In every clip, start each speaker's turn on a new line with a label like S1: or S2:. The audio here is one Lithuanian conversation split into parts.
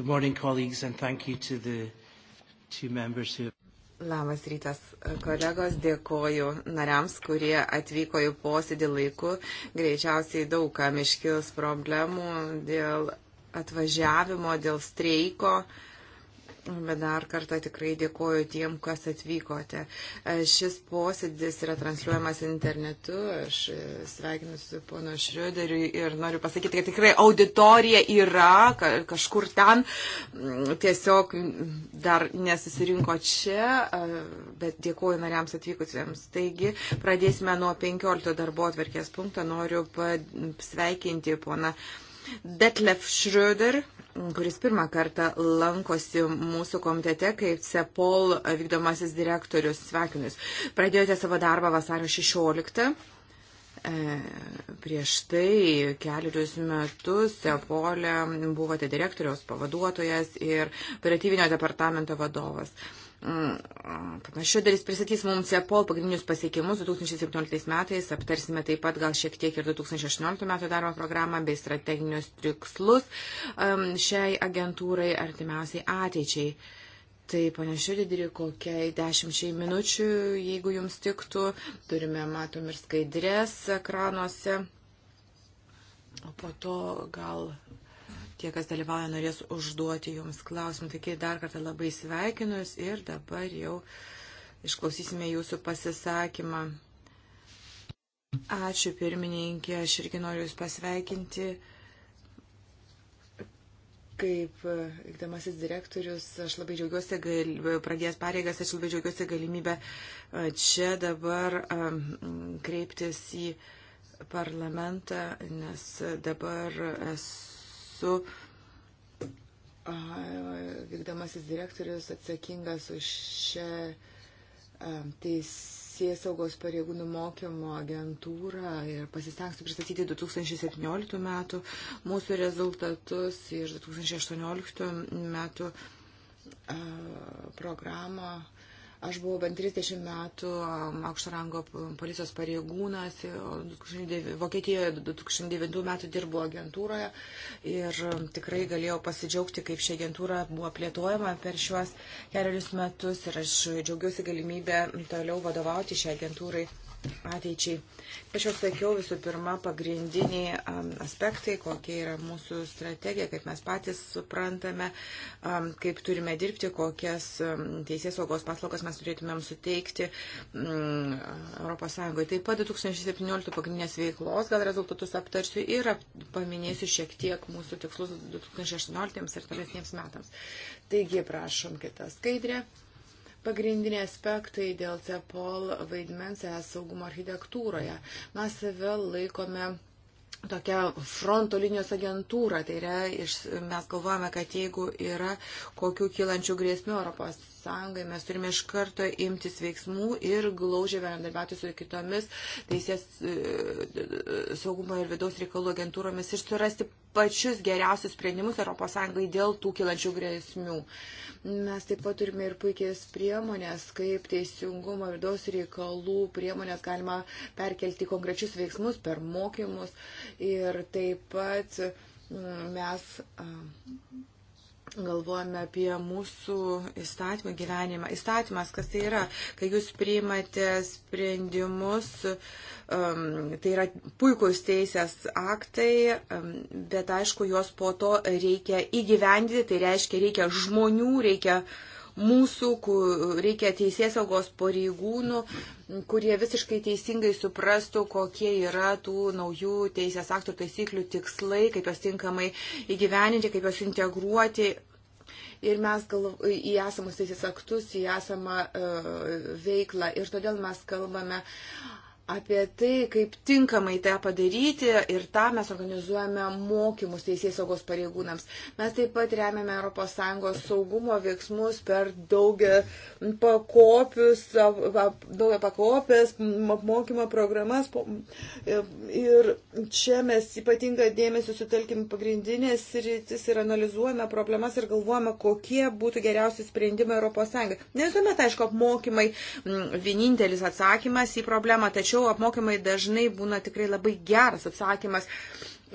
S1: Good morning, colleagues, and thank you to the two members who.
S2: Labas rytas, kolegos, dėkoju nariams, kurie atvyko į posėdį laiku. Greičiausiai daug kam iškils problemų dėl atvažiavimo, dėl streiko. Uh, Bet dar kartą tikrai dėkoju tiem, kas atvykote. E, šis posėdis yra transliuojamas internetu. Aš e, sveikinu su pono Šriuderiu ir noriu pasakyti, kad tikrai auditorija yra kažkur ten. Mm, tiesiog dar nesusirinko čia, e, bet dėkoju nariams atvykusiems. Taigi, pradėsime nuo 15 darbo atverkės punkto. Noriu sveikinti poną Detlef Šriuderį kuris pirmą kartą lankosi mūsų komitete kaip CEPOL vykdomasis direktorius. Sveikinu Jūs. Pradėjote savo darbą vasario 16. E, prieš tai keliarius metus Sepolė buvote direktoriaus pavaduotojas ir operatyvinio departamento vadovas. Mm, Šioderis pristatys mums EPOL pagrindinius pasiekimus 2017 metais, aptarsime taip pat gal šiek tiek ir 2018 metų darbo programą bei strateginius tikslus um, šiai agentūrai artimiausiai ateičiai. Tai panašiu didelį kokiai dešimčiai minučių, jeigu jums tiktų, turime matom ir skaidrės ekranuose, o po to gal tie, kas dalyvauja, norės užduoti jums klausimų. Taigi dar kartą labai sveikinus ir dabar jau išklausysime jūsų pasisakymą. Ačiū pirmininkė, aš irgi noriu Jūs pasveikinti. Kaip e, vykdamasis direktorius, aš labai džiaugiuosi, gal, e, pradėjęs pareigas, aš labai džiaugiuosi galimybę e, čia dabar kreiptis į parlamentą, nes dabar esu esu vykdamasis direktorius atsakingas už šią teisėsaugos pareigūnų mokymo agentūrą ir pasistengsiu pristatyti 2017 metų mūsų rezultatus ir 2018 metų programą Aš buvau bent 30 metų um, aukšto rango policijos pareigūnas, e, Vokietijoje 2009 metų dirbu agentūroje ir um, tikrai galėjau pasidžiaugti, kaip ši agentūra buvo plėtojama per šiuos kelius metus ir aš džiaugiuosi galimybę toliau vadovauti šią agentūrai ateičiai. Aš jau sakiau visų pirma pagrindiniai um, aspektai, kokia yra mūsų strategija, kaip mes patys suprantame, um, kaip turime dirbti, kokias um, teisės saugos paslaugas mes turėtumėm suteikti um, mm, ES. Taip pat 2017 pagrindinės veiklos gal rezultatus aptarsiu ir ap, paminėsiu šiek tiek mūsų tikslus 2018 ir tolesniems metams. Taigi, prašom kitą skaidrę. Pagrindiniai aspektai dėl CEPOL vaidmens es saugumo architektūroje. Mes save laikome tokia fronto linijos agentūra. Tai yra, iš, mes galvojame, kad jeigu yra kokių kylančių grėsmių Europos Sąjungai, mes turime iš karto imtis veiksmų ir glaužiai bendradarbiauti su kitomis teisės e, saugumo ir vidaus reikalų agentūromis ir surasti pačius geriausius sprendimus ES dėl tų kilančių grėsmių. Mes taip pat turime ir puikias priemonės, kaip teisingumo ir daus reikalų priemonės galima perkelti konkrečius veiksmus per mokymus ir taip pat mm, mes galvojame apie mūsų įstatymą gyvenimą. Įstatymas, kas tai yra, kai jūs priimate sprendimus, um, tai yra puikūs teisės aktai, um, bet aišku, juos po to reikia įgyvendyti, tai reiškia, reikia žmonių, reikia mūsų, reikia teisės saugos pareigūnų, kurie visiškai teisingai suprastų, kokie yra tų naujų teisės aktų taisyklių tikslai, kaip jos tinkamai įgyveninti, kaip jos integruoti ir mes galv, į esamus teisės aktus, į esamą uh, veiklą. Ir todėl mes kalbame apie tai, kaip tinkamai tą padaryti ir tą mes organizuojame mokymus teisės saugos pareigūnams. Mes taip pat remiame ES saugumo veiksmus per daugia pakopius, daugia pakopės mokymo programas. Ir čia mes ypatingą dėmesį sutelkim pagrindinės rytis ir analizuojame problemas ir galvojame, kokie būtų geriausi sprendimai ES. Ne visuomet, aišku, apmokymai vienintelis atsakymas į problemą, tačiau tačiau apmokymai dažnai būna tikrai labai geras atsakymas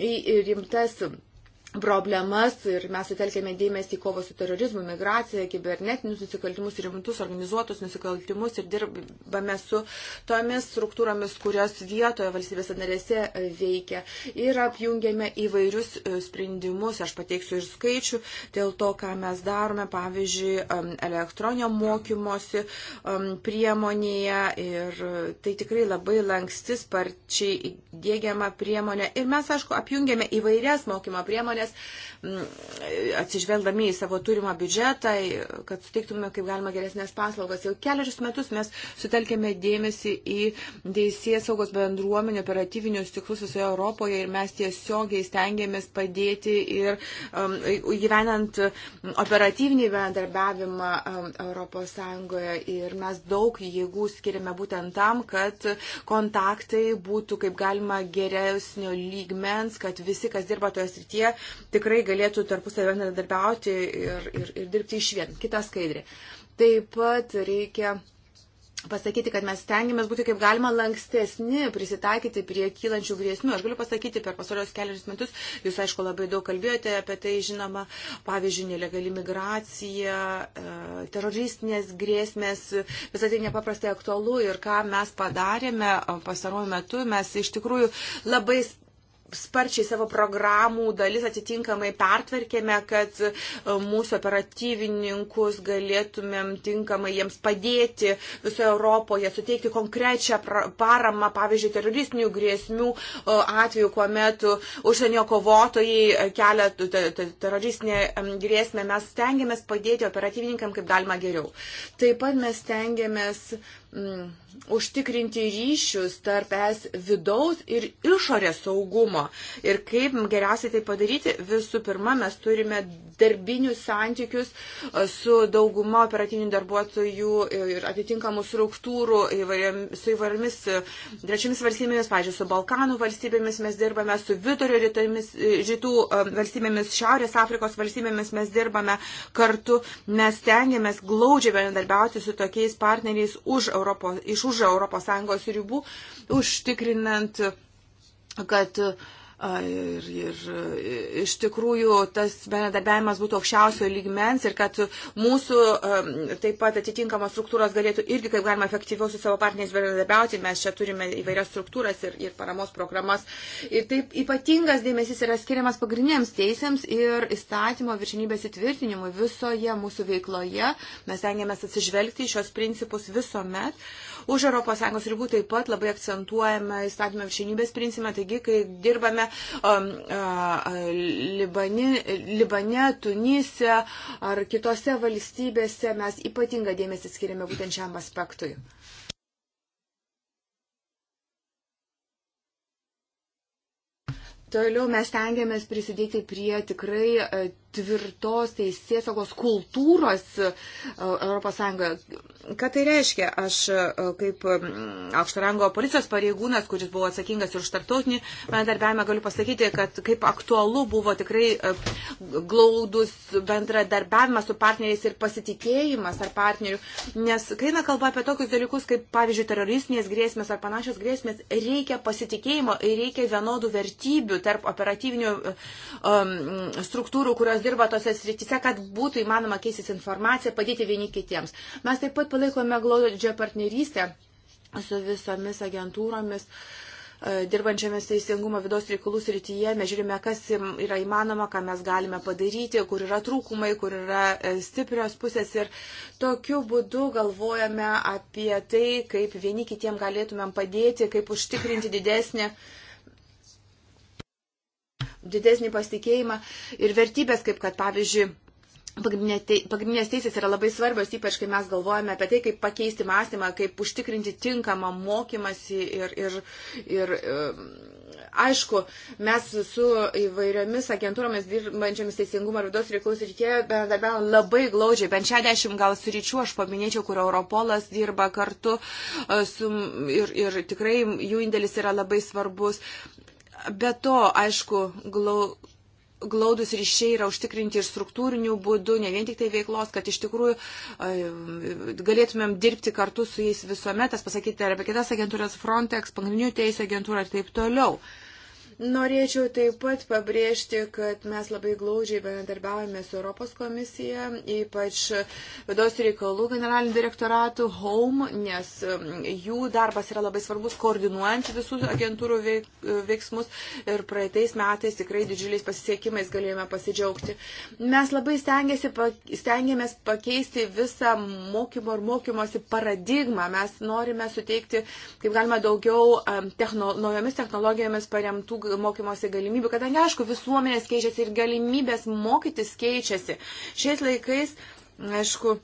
S2: į rimtas problemas ir mes sutelkėme dėmesį į kovą su terorizmu, migraciją, kibernetinius nusikaltimus, rimtus organizuotus nusikaltimus ir dirbame su tomis struktūromis, kurios vietoje valstybės narėse e, veikia. Ir apjungėme įvairius e, sprendimus, aš pateiksiu ir skaičių, dėl to, ką mes darome, pavyzdžiui, elektroninio mokymosi priemonėje ir tai tikrai labai lankstis, parčiai dėgiama priemonė. Ir mes, aišku, apjungėme įvairias mokymo priemonės priemonės, mm, atsižvelgdami į savo turimą biudžetą, kad suteiktume kaip galima geresnės paslaugas. Jau keliarius metus mes sutelkėme dėmesį į teisės saugos bendruomenio operatyvinius tiklus visoje Europoje ir mes tiesiogiai stengiamės padėti ir um, gyvenant mm, operatyvinį bendarbiavimą um, Europos Sąjungoje. Ir mes daug jėgų skiriame būtent tam, kad kontaktai būtų kaip galima geresnio lygmens, kad visi, kas dirba toje srityje, tikrai galėtų tarpusavį bendradarbiauti ir, ir, ir dirbti iš vien. Kita skaidrė. Taip pat reikia pasakyti, kad mes stengiamės būti kaip galima lankstesni, prisitaikyti prie kylančių grėsmių. Aš galiu pasakyti, per pasaulios keliarius metus, jūs aišku labai daug kalbėjote apie tai, žinoma, pavyzdžiui, nelegali migracija, e, teroristinės grėsmės, visą tai nepaprastai aktualu ir ką mes padarėme pastaruoju metu, mes iš tikrųjų labai sparčiai savo programų dalis atitinkamai pertvarkėme, kad e, mūsų operatyvininkus galėtumėm tinkamai jiems padėti visoje Europoje, suteikti konkrečią paramą, pavyzdžiui, teroristinių grėsmių e, atveju, kuomet užsienio kovotojai e, kelia teroristinę grėsmę, mes stengiamės padėti operatyvininkam kaip galima geriau. Taip pat mes stengiamės. Mm, užtikrinti ryšius tarp es vidaus ir išorės saugumo. Ir kaip geriausiai tai padaryti, visų pirma, mes turime darbinius santykius e, su dauguma operatinių darbuotojų ir atitinkamų struktūrų įvairiam, su įvairiomis e, trečiamis valstybėmis, pažiūrėjau, su Balkanų valstybėmis mes dirbame, su vidurio rytomis, e, rytų valstybėmis, Šiaurės Afrikos valstybėmis mes dirbame kartu, mes tengiamės glaudžiai bendradarbiauti su tokiais partneriais už Europos, iš už ES ribų, užtikrinant, kad Ir, ir iš tikrųjų tas bendradarbiavimas būtų aukščiausio lygmens ir kad mūsų taip pat atitinkamos struktūros galėtų irgi kaip galima efektyviau su savo partneriais bendradarbiauti. Mes čia turime įvairias struktūras ir, ir paramos programas. Ir taip ypatingas dėmesys yra skiriamas pagrindiniams teisėms ir įstatymo viršinybės įtvirtinimui visoje mūsų veikloje. Mes tengiamės atsižvelgti į šios principus visuomet. Už ES ribų taip pat labai akcentuojame įstatymę viršinybės principą, taigi, kai dirbame um, uh, Libani, Libane, Tunise ar kitose valstybėse, mes ypatingą dėmesį skiriame būtent šiam aspektui. Toliau mes tengiamės prisidėti prie tikrai tvirtos teisėsaugos kultūros ES. Ką tai reiškia? Aš e, kaip aukšto rango policijos pareigūnas, kuris buvo atsakingas ir už tartautinį bendarbiavimą, galiu pasakyti, kad kaip aktualu buvo tikrai e, glaudus bendradarbiavimas su partneriais ir pasitikėjimas ar partnerių. Nes kai eina kalba apie tokius dalykus, kaip pavyzdžiui teroristinės grėsmės ar panašios grėsmės, reikia pasitikėjimo ir reikia vienodų vertybių tarp operatyvinių um, struktūrų, kurios dirba tose srityse, kad būtų įmanoma keistis informaciją, padėti vieni kitiems. Mes taip pat palaikome glaudžią partnerystę su visomis agentūromis e, dirbančiamis teisingumo vidaus reikalų srityje, mes žiūrime, kas yra įmanoma, ką mes galime padaryti, kur yra trūkumai, kur yra e, stiprios pusės ir tokiu būdu galvojame apie tai, kaip vieni kitiem galėtumėm padėti, kaip užtikrinti didesnį uh, didesnį pasitikėjimą ir vertybės, kaip kad pavyzdžiui. Pagrindinės teisės yra labai svarbios, ypač kai mes galvojame apie tai, kaip pakeisti mąstymą, kaip užtikrinti tinkamą mokymasi ir, ir, ir e, aišku, mes su įvairiomis agentūromis dirbančiamis teisingumo ir vidaus reikalų srityje bendradarbiavome labai glaudžiai, bent 60 gal sričių aš paminėčiau, kur Europolas dirba kartu e, su, ir, ir tikrai jų indėlis yra labai svarbus. Be to, aišku, glau, glaudus ryšiai yra užtikrinti ir struktūrinių būdų, ne vien tik tai veiklos, kad iš tikrųjų galėtumėm dirbti kartu su jais visuomet, tas pasakyti ir apie kitas agentūras Frontex, pagrindinių teisų agentūrą ir taip toliau. Uh, Norėčiau taip pat pabrėžti, kad mes labai glaudžiai bendarbiaujame su Europos komisija, ypač vidaus reikalų generaliniu direktoratu Home, nes um, jų darbas yra labai svarbus koordinuojant visus agentūrų veiksmus ir praeitais metais tikrai didžiuliais pasiekimais galėjome pasidžiaugti. Mes labai stengiamės pakeisti visą mokymo ir mokymosi paradigmą. Mes norime suteikti, kaip galima, daugiau um, techno, naujomis technologijomis paremtų mokymosi galimybių, kadangi aišku, visuomenės keičiasi ir galimybės mokytis keičiasi. Šiais laikais, aišku,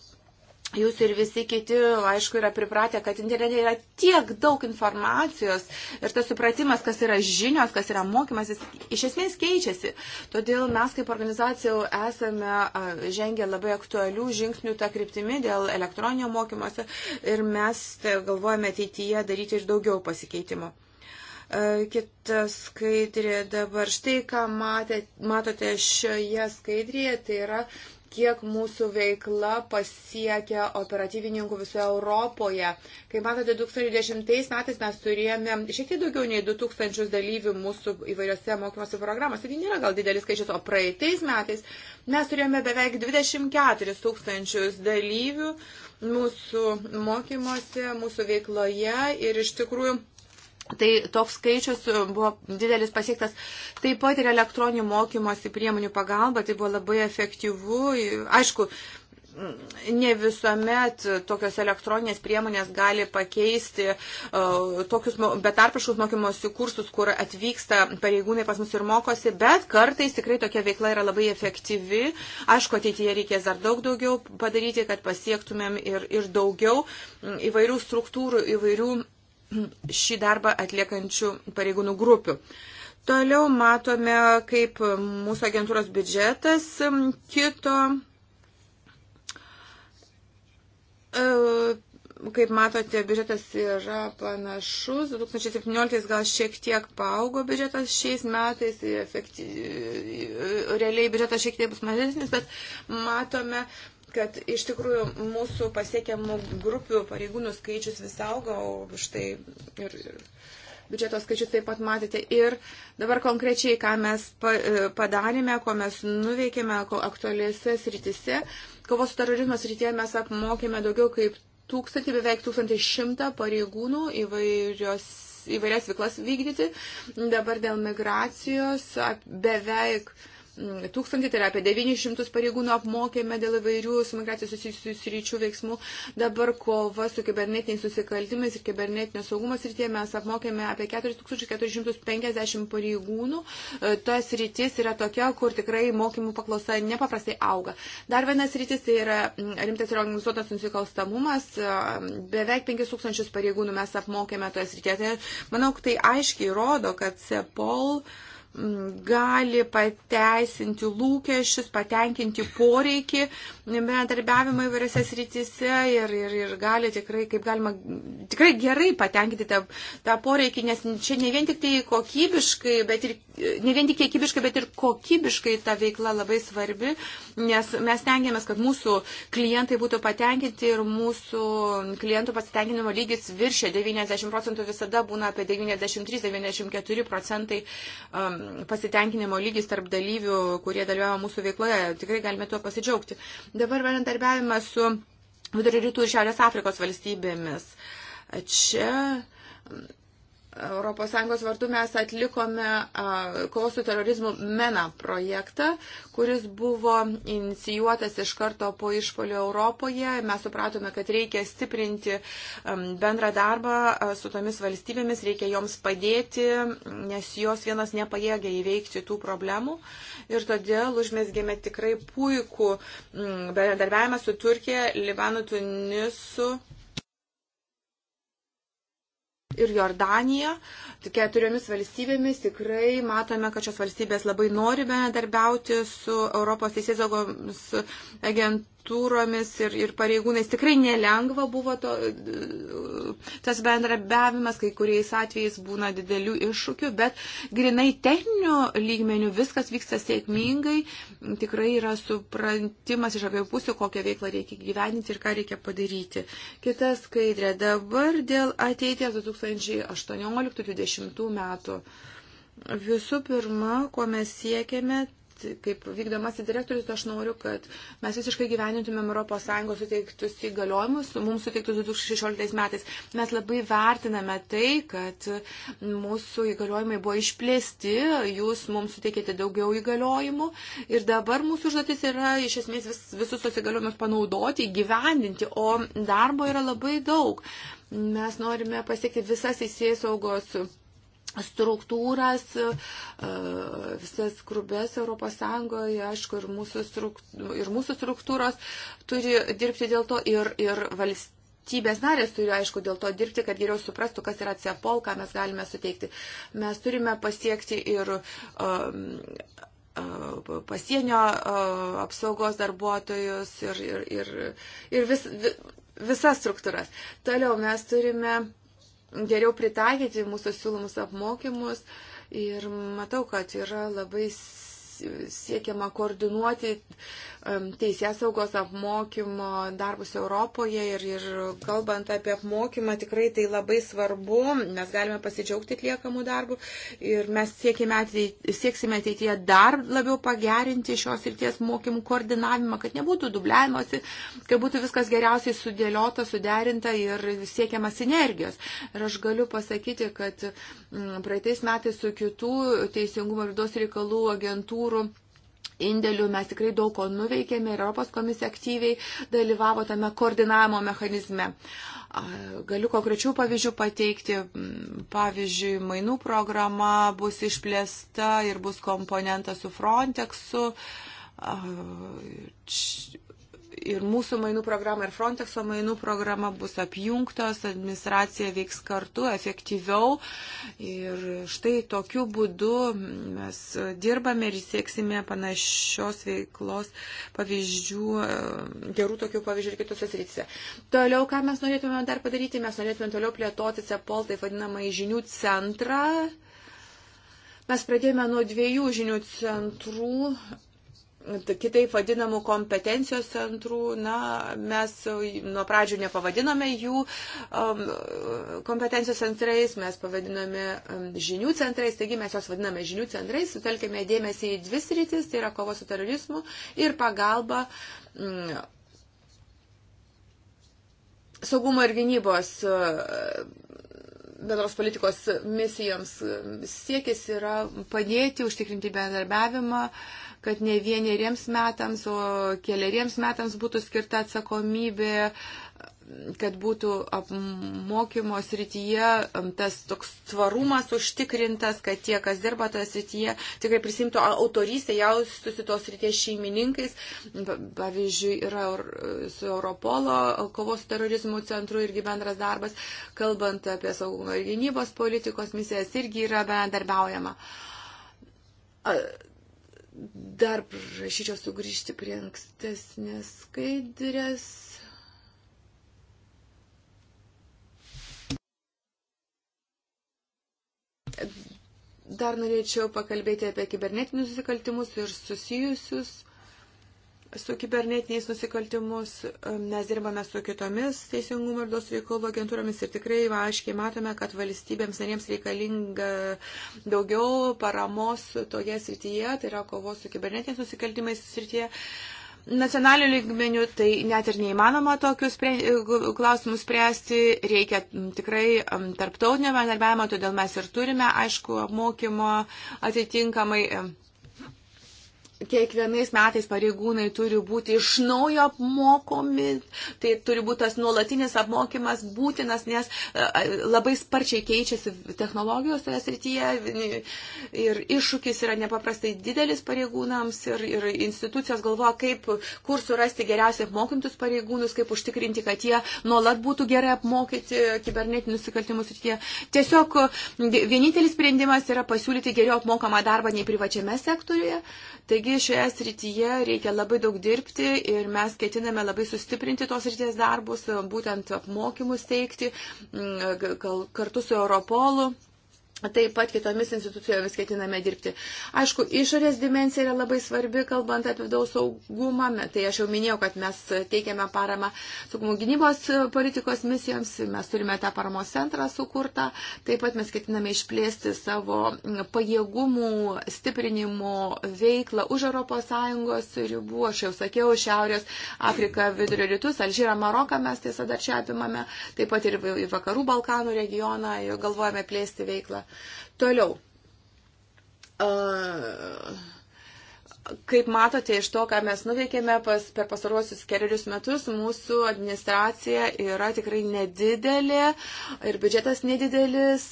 S2: Jūs ir visi kiti, aišku, yra pripratę, kad internete yra tiek daug informacijos ir tas supratimas, kas yra žinios, kas yra mokymas, jis iš esmės keičiasi. Todėl mes kaip organizacija esame žengę labai aktualių žingsnių tą kryptimį dėl elektroninio mokymosi ir mes tai, galvojame ateityje daryti ir daugiau pasikeitimų. Kita skaidrė dabar. Štai ką matė, matote šioje skaidrėje, tai yra kiek mūsų veikla pasiekia operatyvininkų visoje Europoje. Kai matote, 2010 metais mes turėjome šiek tiek daugiau nei 2000 dalyvių mūsų įvairiose mokymosi programose. Tai nėra gal didelis skaičius, o praeitais metais mes turėjome beveik 24 tūkstančius dalyvių mūsų mokymuose, mūsų veikloje ir iš tikrųjų Tai toks skaičius e, buvo didelis pasiektas taip pat ir elektroninių mokymosi priemonių pagalba, tai buvo labai efektyvu. Aišku, ne visuomet tokios elektroninės priemonės gali pakeisti uh, tokius betarpiškus mokymosi kursus, kur atvyksta pareigūnai pas mus ir mokosi, bet kartais tikrai tokia veikla yra labai efektyvi. Aišku, ateityje reikės dar daug daugiau padaryti, kad pasiektumėm ir, ir daugiau įvairių struktūrų, įvairių šį darbą atliekančių pareigūnų grupių. Toliau matome, kaip mūsų agentūros biudžetas kito, e, kaip matote, biudžetas yra panašus, 2017 gal šiek tiek paaugo biudžetas šiais metais, efekty... realiai biudžetas šiek tiek bus mažesnis, bet matome, kad iš tikrųjų mūsų pasiekiamų grupių pareigūnų skaičius vis auga, o štai ir, ir biudžeto skaičius taip pat matėte. Ir dabar konkrečiai, ką mes e, padarėme, ko mes nuveikėme aktualiuose srityse. Kovos su terorizmo srityje mes apmokėme daugiau kaip tūkstantį, beveik tūkstantį šimtą pareigūnų įvairios įvairias veiklas vykdyti. Dabar dėl migracijos beveik tūkstantį, tai yra apie 900 pareigūnų apmokėme dėl įvairių su migracija susijusių sričių veiksmų. Dabar kova su kibernetiniais susikaltimais ir kibernetinio saugumo srityje mes apmokėme apie 4450 pareigūnų. E, Tas rytis yra tokia, kur tikrai mokymų paklausa nepaprastai auga. Dar vienas rytis tai yra rimtas ir organizuotas nusikalstamumas. E, beveik 5000 pareigūnų mes apmokėme toje srityje. Tai, manau, tai aiškiai rodo, kad CEPOL uh, gali pateisinti lūkesčius, patenkinti poreikį bendarbiavimo įvairiose srityse ir, ir, ir gali tikrai, kaip galima, tikrai gerai patenkinti tą, tą poreikį, nes čia ne vien tik tai kokybiškai, bet ir, ne vien tik kiekybiškai, bet ir kokybiškai ta veikla labai svarbi, nes mes tengiamės, kad mūsų klientai būtų patenkinti ir mūsų klientų pasitenkinimo lygis viršė 90 procentų visada būna apie 93-94 procentai. Um, pasitenkinimo lygis tarp dalyvių, kurie dalyvavo mūsų veikloje. Tikrai galime tuo pasidžiaugti. Dabar bendradarbiavimas su Vidurio rytų ir Šiaurės Afrikos valstybėmis. Čia ES vardu mes atlikome kovos su terorizmu MENA projektą, kuris buvo inicijuotas iš karto po išpolio Europoje. Mes supratome, kad reikia stiprinti bendrą darbą su tomis valstybėmis, reikia joms padėti, nes jos vienas nepajėgia įveikti tų problemų. Ir todėl užmėsgėme tikrai puikų bendradarbiavimą su Turkija, Libanu, Tunisu ir Jordanija. Keturiomis valstybėmis tikrai matome, kad šios valstybės labai nori bendradarbiauti su Europos teisėsaugos agentūra struktūromis ir, ir pareigūnais. Tikrai nelengva buvo to, tas bendrabiavimas, kai kuriais atvejais būna didelių iššūkių, bet grinai techninių lygmenių viskas vyksta sėkmingai. Tikrai yra suprantimas iš abiejų pusių, kokią veiklą reikia gyveninti ir ką reikia padaryti. Kita skaidrė dabar dėl ateities 2018-2020 metų. Visų pirma, ko mes siekiame, kaip vykdomasis direktorius, aš noriu, kad mes visiškai gyvenintumėm ES suteiktus įgaliojimus, mums suteiktus 2016 metais. Mes labai vertiname tai, kad mūsų įgaliojimai buvo išplėsti, jūs mums suteikėte daugiau įgaliojimų ir dabar mūsų užduotis yra iš esmės vis, visus tos įgaliojimus panaudoti, gyvendinti, o darbo yra labai daug. Mes norime pasiekti visas įsiesaugos saugos struktūras, e, visas grubės Europos Sąjungoje, aišku, ir mūsų, struktūros, ir mūsų struktūros turi dirbti dėl to ir, ir valstybė. Tybės narės turi, aišku, dėl to dirbti, kad geriau suprastų, kas yra CEPOL, ką mes galime suteikti. Mes turime pasiekti ir um, e, pasienio um, apsaugos darbuotojus ir, ir, ir, ir vis, vis, visas struktūras. Toliau mes turime uh, geriau pritaikyti mūsų siūlomus apmokymus. Ir matau, kad yra labai siekiama koordinuoti teisės saugos apmokymo darbus Europoje ir, ir kalbant apie apmokymą, tikrai tai labai svarbu, mes galime pasidžiaugti atliekamų darbų ir mes ateity, sieksime ateityje dar labiau pagerinti šios ryties mokymų koordinavimą, kad nebūtų dubliavimuose, kad būtų viskas geriausiai sudėliota, suderinta ir siekiama sinergijos. Ir aš galiu pasakyti, kad praeitais metais su kitų teisingumo ir vidaus reikalų agentūrų eurų indėlių, mes tikrai daug ko nuveikėme ir Europos komisija aktyviai dalyvavo tame koordinavimo mechanizme. Galiu konkrečių pavyzdžių pateikti. Mm, pavyzdžiui, mainų programa bus išplėsta ir bus komponentas su Frontexu ir mūsų mainų programa, ir Frontexo mainų programa bus apjungtos, administracija veiks kartu efektyviau. Ir štai tokiu būdu mes dirbame ir sieksime panašios veiklos pavyzdžių, gerų tokių pavyzdžių ir kitose srityse. Toliau, ką mes norėtume dar padaryti, mes norėtume toliau plėtoti CEPOL, tai vadinamą žinių centrą. Mes pradėjome nuo dviejų žinių centrų kitaip vadinamų kompetencijos centrų, na, mes nuo pradžių nepavadinome jų um, kompetencijos centrais, mes pavadinome um, žinių centrais, taigi mes juos vadiname žinių centrais, sutelkime dėmesį į dvi sritis, tai yra kovo su terorizmu ir pagalba. Um, Saugumo ir gynybos uh, bendros politikos misijoms siekis yra padėti užtikrinti bendarbiavimą uh, kad ne vieneriems metams, o keliariems metams būtų skirta atsakomybė, kad būtų apmokymo srityje um, tas toks tvarumas užtikrintas, kad tie, kas dirba toje srityje, tikrai prisimtų autorystę, jaustųsi tos srities šeimininkais. Pavyzdžiui, yra su Europolo kovos su terorizmu centru irgi bendras darbas, kalbant apie saugumo ir gynybos politikos misijas, irgi yra bendarbiaujama Dar prašyčiau sugrįžti prie ankstesnės skaidrės. Dar norėčiau pakalbėti apie kibernetinius nusikaltimus ir susijusius su kibernetiniais nusikaltimus, mes dirbame su kitomis teisingumo ir dos reikalų agentūromis ir tikrai va, aiškiai matome, kad valstybėms narėms reikalinga daugiau paramos toje srityje, tai yra kovos su kibernetiniais nusikaltimais srityje. Nacionaliniu lygmeniu tai net ir neįmanoma tokius spre, klausimus spręsti, reikia tikrai tarptautinio bendarbiavimo, todėl mes ir turime, aišku, apmokymo atitinkamai kiekvienais metais pareigūnai turi būti iš naujo apmokomi, tai turi būti tas nuolatinis apmokymas būtinas, nes e, labai sparčiai keičiasi technologijos toje srityje ir iššūkis yra nepaprastai didelis pareigūnams ir, ir institucijos galvoja, kaip, kur surasti geriausiai apmokintus pareigūnus, kaip užtikrinti, kad jie nuolat būtų gerai apmokyti kibernetinių nusikaltimų srityje. Tiesiog e, vienintelis sprendimas yra pasiūlyti geriau apmokamą darbą nei privačiame sektoriuje. Taigi Taigi šioje srityje reikia labai daug dirbti ir mes ketiname labai sustiprinti tos ryties darbus, būtent apmokymus teikti mm, kartu su Europolu. Taip pat kitomis institucijomis ketiname dirbti. Aišku, išorės dimensija yra labai svarbi, kalbant apie vidaus saugumą. Tai aš jau minėjau, kad mes teikiame paramą saugumo gynybos politikos misijoms. Mes turime tą paramos centrą sukurtą. Taip pat mes ketiname išplėsti savo pajėgumų stiprinimo veiklą už ES ribų. Aš jau sakiau, Šiaurės Afrika, Vidurio rytus, Alžyrą, Maroką mes tiesa dar čia apimame. Taip pat ir į Vakarų Balkanų regioną galvojame plėsti veiklą. Toliau. Uh, Kaip matote iš to, ką mes nuveikėme pas, per pasaruosius keliarius metus, mūsų administracija yra tikrai nedidelė ir biudžetas nedidelis.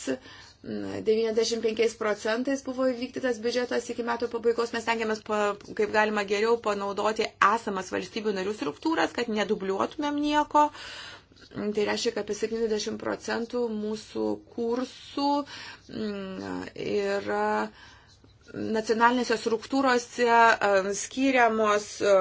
S2: 95 procentais buvo įvykdytas biudžetas iki metų pabaigos. Mes tengiamės, pa, kaip galima geriau, panaudoti esamas valstybių narių struktūras, kad nedubliuotumėm nieko. Uh, Tai reiškia, kad apie 70 procentų mūsų kursų mm, yra nacionalinėse struktūrose skiriamos e,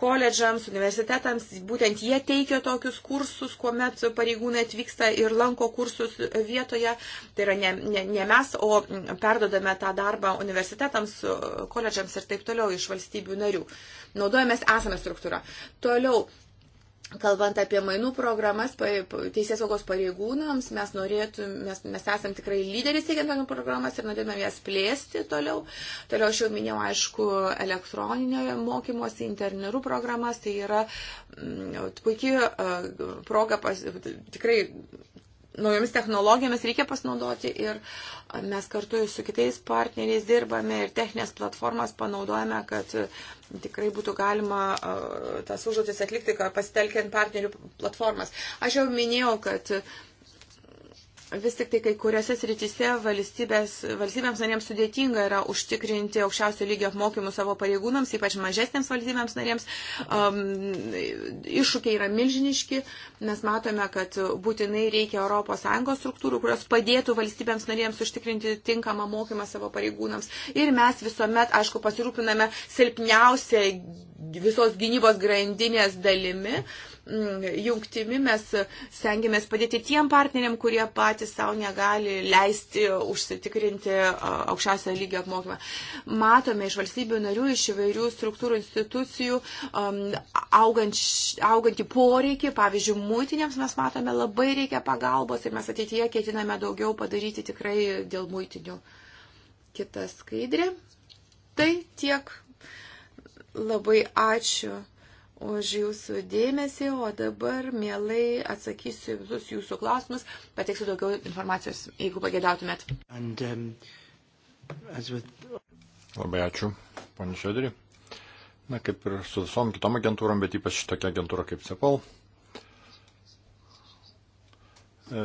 S2: koledžams, universitetams, būtent jie teikia tokius kursus, kuomet pareigūnai atvyksta ir lanko kursus vietoje. Tai yra ne, ne, ne mes, o perdodame tą darbą universitetams, e, koledžams ir taip toliau iš valstybių narių. Naudojamės esamą struktūrą. Toliau Kalbant apie mainų programas teisės saugos pareigūnams, mes norėtume, mes, mes esam tikrai lyderis teikiant mainų programas ir norėtume jas plėsti toliau. Toliau aš jau minėjau, aišku, elektroninio mokymosi internerų programas, tai yra mm, puikiai proga pas, tikrai naujomis technologijomis reikia pasinaudoti ir mes kartu su kitais partneriais dirbame ir techninės platformas panaudojame, kad tikrai būtų galima tas užduotis atlikti pasitelkiant partnerių platformas. Aš jau minėjau, kad vis tik tai kai kuriuose srityse valstybėms narėms sudėtinga yra užtikrinti aukščiausio lygio apmokymus savo pareigūnams, ypač mažesnėms valstybėms narėms. Um, iššūkiai yra milžiniški. Mes matome, kad būtinai reikia ES struktūrų, kurios padėtų valstybėms narėms užtikrinti tinkamą mokymą savo pareigūnams. Ir mes visuomet, aišku, pasirūpiname silpniausią visos gynybos grandinės dalimi. Um, Mm, jungtimi mes stengiamės padėti tiem partneriam, kurie patys savo negali leisti užsitikrinti aukščiausią lygį apmokymą. Matome iš valstybių narių, iš įvairių struktūrų institucijų augantį poreikį, pavyzdžiui, muitinėms mes matome labai reikia pagalbos ir mes ateityje ketiname daugiau padaryti tikrai dėl muitinių. Kita skaidrė. Tai tiek. Labai ačiū už jūsų dėmesį, o dabar mielai atsakysiu visus jūsų klausimus, pateiksiu daugiau informacijos, jeigu pagėdautumėt.
S1: And, um, with...
S3: Labai ačiū, ponė Šedri. Na, kaip ir su visom kitom agentūrom, bet ypač tokia agentūra kaip CEPAL. E, e,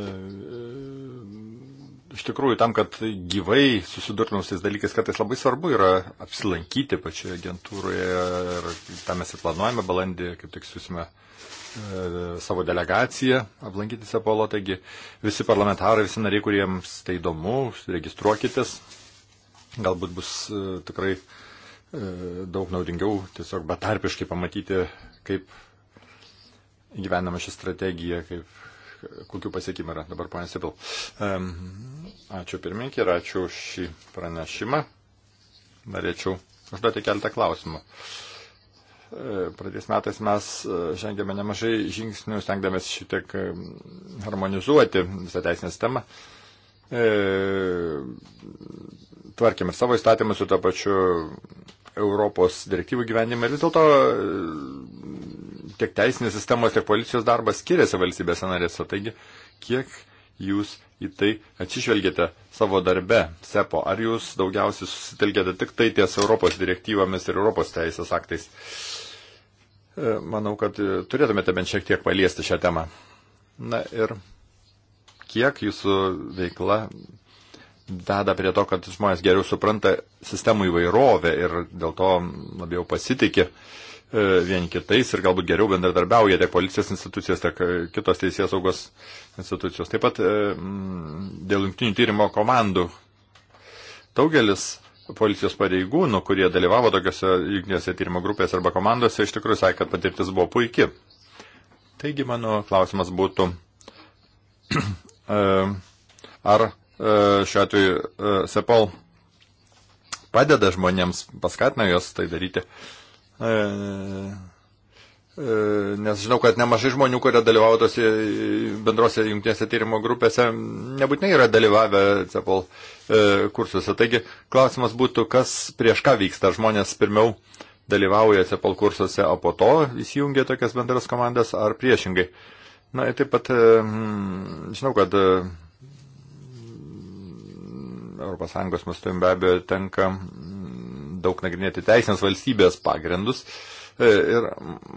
S3: iš tikrųjų tam, kad gyvai susidurtumėm su tais dalykais, kartais labai svarbu yra apsilankyti pačioje agentūroje ir tam mes ir planuojame balandį, kaip tik siūsime e, savo delegaciją aplankyti Sepolo, taigi visi parlamentarai, visi nariai, kuriems tai įdomu, registruokitės, galbūt bus e, tikrai e, daug naudingiau tiesiog betarpiškai pamatyti, kaip gyvenama ši strategija, kaip kokiu pasiekimu yra dabar, ponė Sipil. Ačiū pirmininkė ir ačiū šį pranešimą. Norėčiau užduoti keletą klausimų. E, Pradės metais mes e, žengėme nemažai žingsnių, stengdamės šitiek e, harmonizuoti visą teisinę sistemą. E, tvarkėm ir savo įstatymus su to pačiu Europos direktyvų gyvenimą ir vis dėlto tiek teisinės sistemos, tiek policijos darbas skiriasi valstybėse narėse. Taigi, kiek jūs į tai atsižvelgėte savo darbe, SEPO? Ar jūs daugiausiai susitelkėte tik tai ties Europos direktyvomis ir Europos teisės aktais? E, manau, kad e, turėtumėte bent šiek tiek paliesti šią temą. Na ir kiek jūsų veikla veda prie to, kad žmonės geriau supranta sistemų įvairovę ir dėl to labiau pasitikė uh, E, vieni kitais ir galbūt geriau bendradarbiauja tiek policijos institucijos, tiek e, kitos teisės saugos institucijos. Taip pat e, dėl jungtinių tyrimo komandų daugelis policijos pareigūnų, kurie dalyvavo tokiuose jungtinėse tyrimo grupėse arba komandose, iš tikrųjų sakė, kad patirtis buvo puikia. Taigi mano klausimas būtų, ar šiuo atveju SEPOL padeda žmonėms, paskatina juos tai daryti. Uh, E, e, nes žinau, kad nemažai žmonių, kurie dalyvavo tose bendrose jungtinėse tyrimo grupėse, nebūtinai yra dalyvavę CEPOL e, kursuose. Taigi klausimas būtų, kas prieš ką vyksta. Žmonės pirmiau dalyvauja CEPOL kursuose, o po to įsijungia tokias bendras komandas ar priešingai. Na ir taip pat hmm, žinau, kad ES mes turim be abejo tenka daug nagrinėti teisinės valstybės pagrindus. E, ir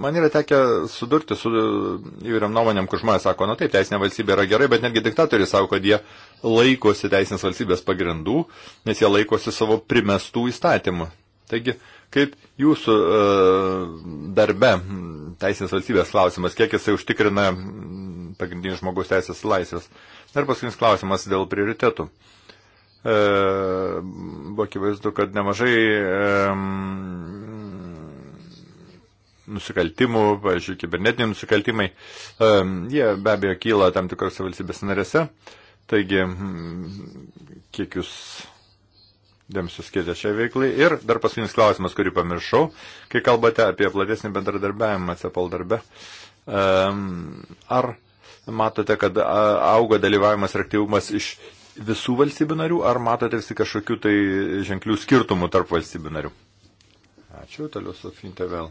S3: man yra tekę sudurti su įvairiam nuomonėm, kur žmonės sako, na nu taip, teisinė valstybė yra gerai, bet netgi diktatoriai sako, kad jie laikosi teisinės valstybės pagrindų, nes jie laikosi savo primestų įstatymų. Taigi, kaip jūsų e, darbe teisinės valstybės klausimas, kiek jisai užtikrina pagrindinį žmogaus teisės laisvės? Ir paskutinis klausimas dėl prioritetų. E, buvo akivaizdu, kad nemažai nusikaltimų, pavyzdžiui, kibernetiniai nusikaltimai, jie be abejo kyla tam tikrose valstybės narėse. Taigi, kiek jūs dėmesio skirti šiai veiklai. Ir dar paskutinis klausimas, kurį pamiršau, kai kalbate apie platesnį bendradarbiavimą CEPAL darbe. Ar matote, kad auga dalyvavimas ir aktyvumas iš visų valstybių narių, ar matote visi kažkokių tai ženklių skirtumų tarp valstybių narių? Ačiū, toliau Sofinte vėl.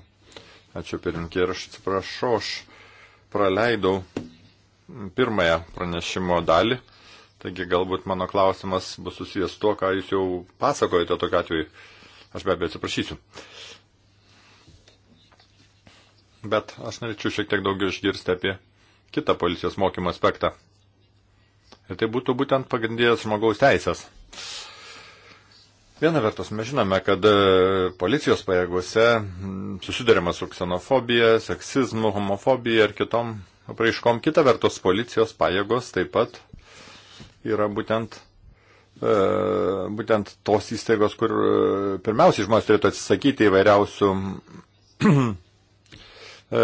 S3: Ačiū, pirmininkė, ir aš atsiprašau, aš praleidau pirmąją pranešimo dalį, taigi galbūt mano klausimas bus susijęs tuo, ką jūs jau pasakojate tokiu atveju. Aš be abejo atsiprašysiu. Bet aš norėčiau šiek tiek daugiau išgirsti apie kitą policijos mokymo aspektą. Ir tai būtų būtent pagrindinės žmogaus teisės. Viena vertus, mes žinome, kad e, policijos pajėgose susidurima su ksenofobija, seksizmu, homofobija ir kitom apraiškom. Kita vertus, policijos pajėgos taip pat yra būtent, e, būtent tos įstaigos, kur e, pirmiausiai žmonės turėtų atsisakyti įvairiausių E,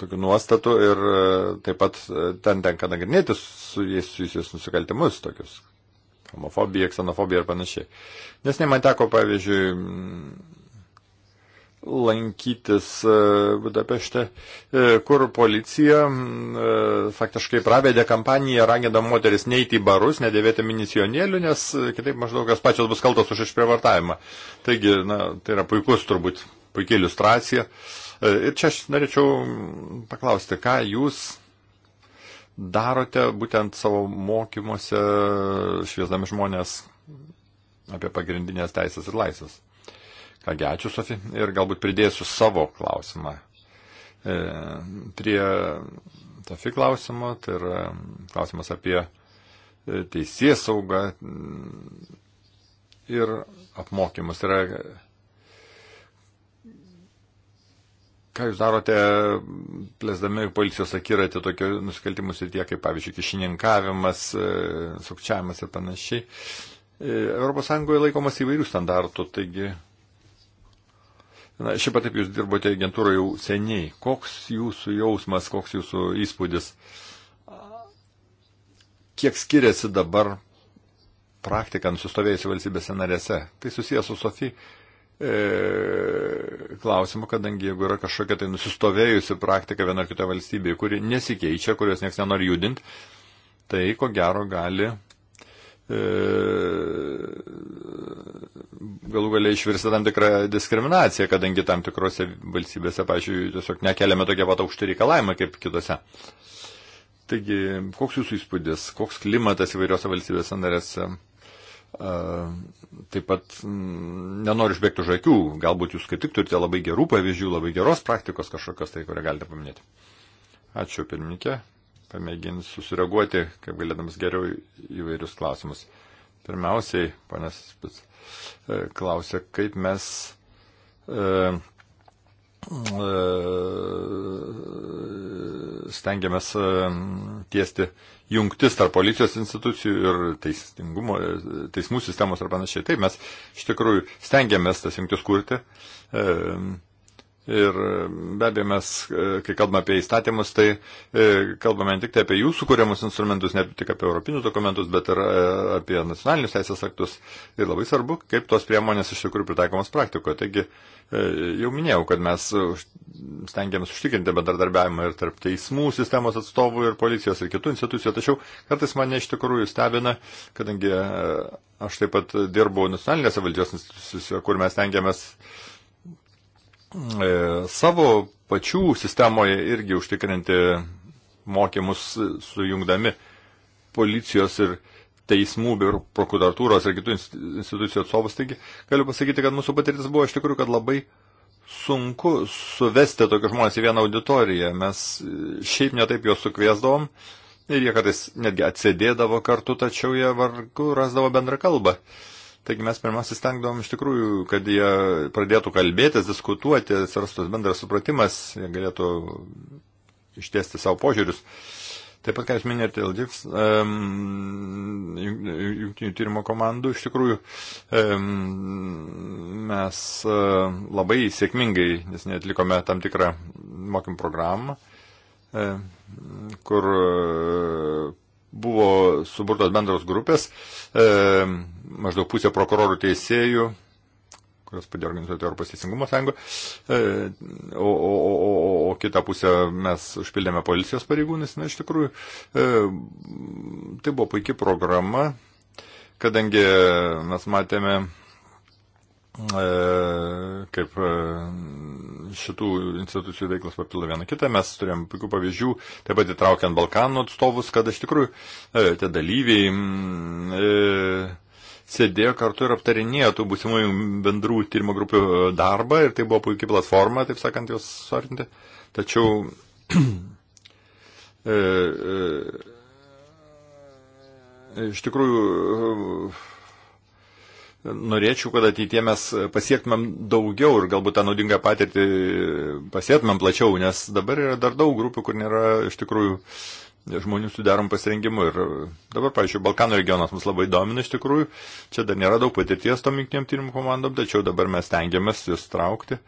S3: tokių nuostatų ir e, taip pat e, ten tenka nagrinėti su jais susijusius nusikaltimus tokius, homofobija, ksenofobija ir panašiai. Nes ne man teko, pavyzdžiui, mm, lankytis Budapešte, kur policija mm, faktiškai pravedė kampaniją, ragindama moteris neiti į barus, nedėvėti minisionėlių, nes kitaip maždaug kas pačios bus kaltos už išprievartavimą. Taigi, na, tai yra puikus turbūt, puikia iliustracija. Uh, Ir e, čia aš norėčiau paklausti, ką jūs darote būtent savo mokymuose, šviesdami žmonės apie pagrindinės teisės ir laisvės. Kągi, ačiū, Sofi, ir galbūt pridėsiu savo klausimą. E, prie Tafi klausimo, tai yra klausimas apie e, teisės saugą ir apmokymus. Tai yra Ką jūs darote, plėsdami policijos akiratį tokių nusikaltimų srityje, kaip pavyzdžiui, kišininkavimas, e, sukčiavimas ir panašiai? ES laikomas įvairių standartų, taigi. Na, šiaip taip jūs dirbote agentūroje jau seniai. Koks jūsų jausmas, koks jūsų įspūdis? Kiek skiriasi dabar praktika nusistovėjusi valstybėse narėse? Tai susijęs su Sofija E, klausimų, kadangi jeigu yra kažkokia tai nusistovėjusi praktika viena ar kita valstybėje, kuri nesikeičia, kurios niekas nenori judinti, tai ko gero gali e, galų galiai išvirsti tam tikrą diskriminaciją, kadangi tam tikrose valstybėse, pažiūrėjau, tiesiog nekeliame tokie pat aukšti reikalavimai kaip kitose. Taigi, koks jūsų įspūdis, koks klimatas įvairiose valstybėse narėse? Taip pat nenoriu išbėgti už akių, galbūt jūs kaip tik turite labai gerų pavyzdžių, labai geros praktikos kažkokios, tai kurią galite paminėti. Ačiū, pirmininkė. Pamėginsiu susireaguoti, kaip galėdamas geriau įvairius klausimus. Pirmiausiai, panas e, klausė, kaip mes e, e stengiamės e, tiesti jungtis tarp policijos institucijų ir teisingumo, e, teismų sistemos ar panašiai. Taip, mes iš tikrųjų stengiamės tas jungtis kurti. E, Ir e, be abejo, mes, e, kai kalbame apie įstatymus, tai e, kalbame ne tik tai apie jų sukūriamus instrumentus, ne tik apie europinius dokumentus, bet ir apie nacionalinius teisės aktus. Ir labai svarbu, kaip tos priemonės iš tikrųjų pritaikomos praktikoje. Taigi, jau minėjau, kad mes stengiamės užtikrinti bendradarbiavimą ir tarp teismų sistemos atstovų ir policijos ir kitų institucijų. Tačiau kartais mane iš tikrųjų stebina, kadangi aš taip pat dirbu nacionalinėse valdžios institucijose, kur mes stengiamės uh, E, savo pačių sistemoje irgi užtikrinti mokymus sujungdami policijos ir teismų, ir prokuratūros ir kitų institucijų atstovus. Taigi galiu pasakyti, kad mūsų patirtis buvo iš tikrųjų, kad labai sunku suvesti tokius žmonės į vieną auditoriją. Mes e, šiaip netaip juos sukviesdavom ir jie kartais netgi atsėdėdavo kartu, tačiau jie vargu rasdavo bendrą kalbą. Uh, Taigi mes pirmiausia stengdavom iš tikrųjų, kad jie pradėtų kalbėtis, diskutuoti, atsirastų bendras supratimas, jie galėtų ištiesti savo požiūrius. Taip pat, ką aš minėjau, TLDIFS, um, jungtinių tyrimo komandų, iš tikrųjų um, mes uh, labai sėkmingai, nes netlikome tam tikrą mokymų programą, uh, kur uh, buvo suburtos bendros grupės. Uh, maždaug pusė prokurorų teisėjų, kurios padėjo organizuoti Europos Teisingumo sąjungą, e, o, o, o, o kitą pusę mes užpildėme policijos pareigūnus. Na, iš tikrųjų, e, tai buvo puikia programa, kadangi mes matėme e, kaip šitų institucijų veiklas papildo vieną kitą. Mes turėjom puikių pavyzdžių, taip pat įtraukiant Balkanų atstovus, kad iš tikrųjų tie dalyviai mm, sėdėjo kartu ir aptarinėjo tų būsimųjų bendrų tyrimo grupių e, darbą ir tai buvo puikia platforma, taip sakant, juos suartinti. Tačiau e, e, iš tikrųjų e, norėčiau, kad ateitie mes pasiektumėm daugiau ir galbūt tą naudingą patirtį pasiektumėm plačiau, nes dabar yra dar daug grupių, kur nėra iš tikrųjų žmonių sudarom pasirengimu. Ir e, dabar, pavyzdžiui, Balkanų regionas mus labai domina iš tikrųjų. Čia dar nėra daug patirties tom jungtiniam tyrimų komandom, tačiau dabar mes tengiamės jūs traukti.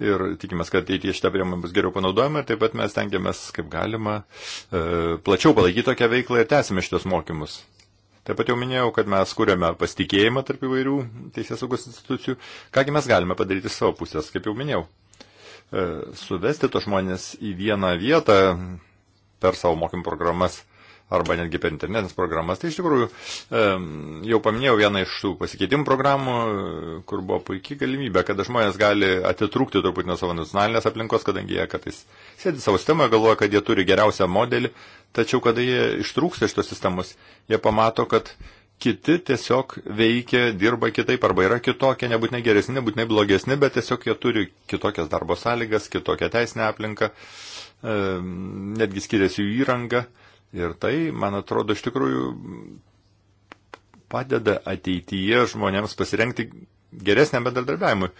S3: Ir tikimės, kad ateityje šitą priemonę bus geriau panaudojama ir taip pat mes tengiamės, kaip galima, e, plačiau palaikyti tokią veiklą ir tęsime šitos mokymus. Taip pat jau minėjau, kad mes kūrėme pasitikėjimą tarp įvairių teisės saugos institucijų. Kągi mes galime padaryti savo pusės, kaip jau minėjau. E, suvesti tos žmonės į vieną vietą, per savo mokymų programas arba netgi per internetinės programas. Tai iš tikrųjų jau paminėjau vieną iš tų pasikeitimų programų, kur buvo puikiai galimybė, kada žmonės gali atitrūkti truputį nuo savo nacionalinės aplinkos, kadangi jie kartais sėdi savo sistemoje, galvoja, kad jie turi geriausią modelį, tačiau kada jie ištrūksta iš tos sistemos, jie pamato, kad kiti tiesiog veikia, dirba kitaip arba yra kitokie, nebūtinai geresni, nebūtinai blogesni, bet tiesiog jie turi kitokias darbo sąlygas, kitokią teisinę aplinką. Uh, E, netgi skiriasi jų įranga ir tai, man atrodo, iš tikrųjų padeda ateityje žmonėms pasirengti geresniam bendradarbiavimui.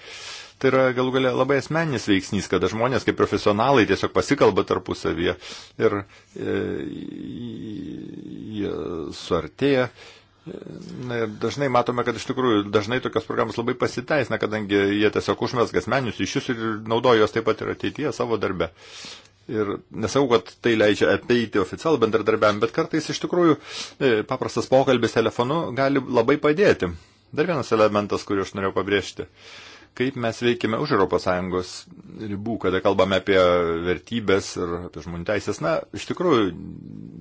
S3: Tai yra galų galia labai asmeninis veiksnys, kada žmonės kaip profesionalai tiesiog pasikalba tarpusavyje ir e, jie suartėja. Na ir dažnai matome, kad iš tikrųjų dažnai tokios programos labai pasiteisina, kadangi jie tiesiog užmesga asmeninius iš jūsų ir naudoja juos taip pat ir ateityje savo darbe. Ir nesakau, kad tai leidžia apeiti oficialų bendradarbiavimą, bet kartais iš tikrųjų e, paprastas pokalbis telefonu gali labai padėti. Dar vienas elementas, kurį aš norėjau pabrėžti. Kaip mes veikime už ES ribų, kada kalbame apie vertybės ir apie žmonių teisės. Na, iš tikrųjų,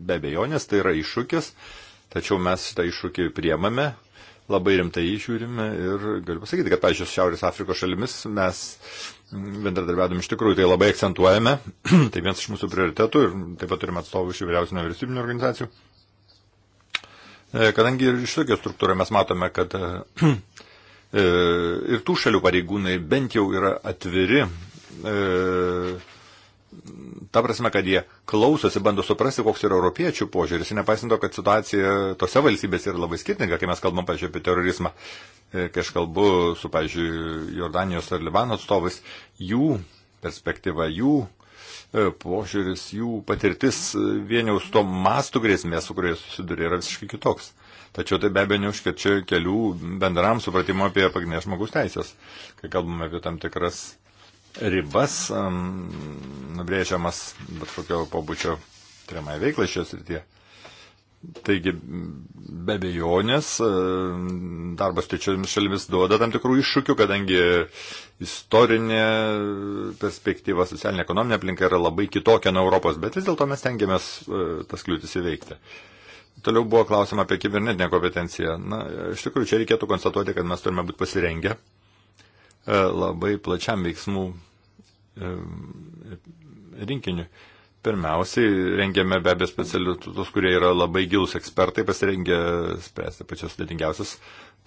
S3: be abejonės tai yra iššūkis, tačiau mes šitą iššūkį priemame, labai rimtai žiūrime ir galiu pasakyti, kad, pažiūrėjau, Šiaurės Afrikos šalimis mes bendradarbiavim iš tikrųjų tai labai akcentuojame, tai vienas iš mūsų prioritetų ir taip pat turime atstovų iš įvairiausių nevyriausybinių organizacijų. E, kadangi ir iš tokio struktūro mes matome, kad e, e, ir tų šalių pareigūnai bent jau yra atviri ta prasme, kad jie klausosi, bando suprasti, koks yra europiečių požiūris, nepaisant to, kad situacija tose valstybėse yra labai skirtinga, kai mes kalbam, pavyzdžiui, apie terorizmą, e, kai aš kalbu su, pavyzdžiui, Jordanijos ar Libano atstovais, jų perspektyva, jų e, požiūris, jų patirtis e, vieniaus to mastų grėsmės, su kuria susiduria, yra visiškai kitoks. Tačiau tai be abejo neužkečia kelių bendram supratimo apie pagrindinės žmogus teisės, kai kalbame apie tam tikras ribas, nubrėžiamas bet kokio pobūdžio tiriamai veiklai šios rytyje. Taigi, be abejonės, e, darbas trečiomis šalimis duoda tam tikrų iššūkių, kadangi istorinė perspektyva, socialinė ekonominė aplinka yra labai kitokia nuo Europos, bet vis dėlto mes tengiamės e, tas kliūtis įveikti. Toliau buvo klausima apie kibernetinę kompetenciją. Na, iš tikrųjų, čia reikėtų konstatuoti, kad mes turime būti pasirengę E, labai plačiam veiksmų e, rinkiniu. Pirmiausiai rengiame be abejo specialistus, kurie yra labai gilus ekspertai, pasirengę spręsti pačias sudėtingiausias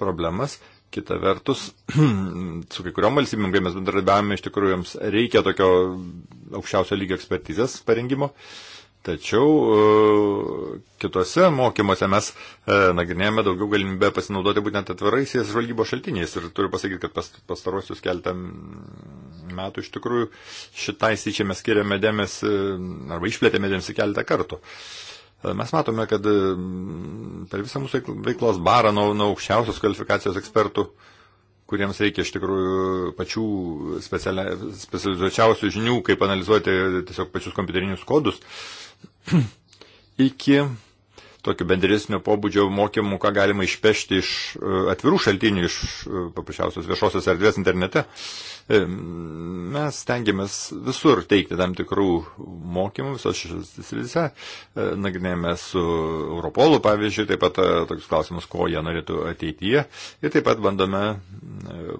S3: problemas. Kita vertus, su kai kuriuom valstybėm, kai mes bendradarbiavame, iš tikrųjų jums reikia tokio aukščiausio lygio ekspertizės parengimo. Uh, Tačiau e, kitose mokymuose mes e, nagrinėjame daugiau galimybę pasinaudoti būtent atviraisiais žvalgybos šaltiniais. Ir turiu pasakyti, kad pastarosius keletą metų iš tikrųjų šitai sėčiai mes skiriame dėmesį arba išplėtėme dėmesį keletą kartų. E, mes matome, kad per visą mūsų veiklos barą nuo, nuo aukščiausios kvalifikacijos ekspertų, kuriems reikia iš tikrųjų pačių specializuočiausių žinių, kaip analizuoti tiesiog pačius kompiuterinius kodus, uh, iki tokio bendresnio pobūdžio mokymų, ką galima išpešti iš e, atvirų šaltinių, iš e, paprasčiausios viešosios erdvės internete. Mes tengiamės visur teikti tam tikrų mokymų, visos šios disciplinyse, e, nagrinėjame su Europolu, pavyzdžiui, taip pat e, tokius klausimus, ko jie norėtų ateityje ir taip pat bandome e,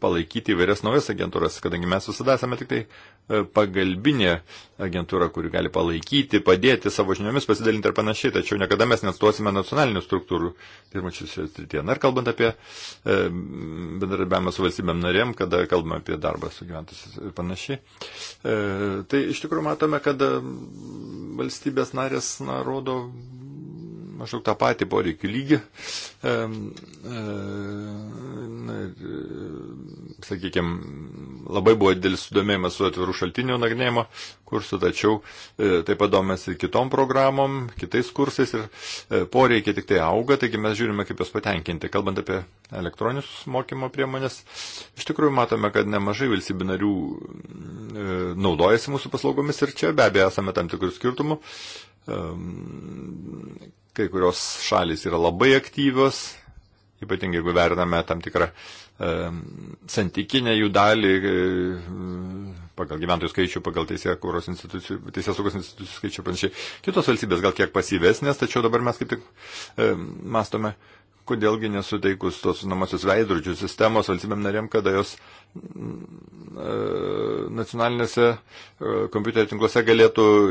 S3: palaikyti įvairias naujas agentūras, kadangi mes visada esame tik tai pagalbinė agentūra, kuri gali palaikyti, padėti savo žiniomis, pasidalinti ir panašiai, tačiau niekada mes nestuosime nacionalinių struktūrų dirbančių srityje. Na ir kalbant apie bendradarbiavimą su valstybėm narėm, narėm, kada kalbame apie darbą su gyventojais ir panašiai. E, tai iš tikrųjų matome, kad valstybės narės na, rodo maždaug tą patį poreikių lygį, e, e, sakykime, labai buvo didelis sudomėjimas su atvirų šaltinių nagrinėjimo kursu, tačiau e, taip pat domėsi kitom programom, kitais kursais ir e, poreikiai tik tai auga, taigi mes žiūrime, kaip juos patenkinti. Kalbant apie elektroninius mokymo priemonės, iš tikrųjų matome, kad nemažai valstybių narių e, naudojasi mūsų paslaugomis ir čia be abejo esame tam tikrų skirtumų Kai kurios šalis yra labai aktyvios, ypatingai jeigu vertiname tam tikrą e, santykinę jų dalį e, pagal gyventojų skaičių, pagal teisės institucijų, teisės saugos institucijų skaičių ir panašiai. Kitos valstybės gal kiek pasyvesnės, tačiau dabar mes kaip tik e, mastome, kodėlgi nesuteikus tos namosios veidrodžių sistemos valstybėm narėm, kada jos mm, e, nacionalinėse e, kompiuterio tinkluose galėtų e,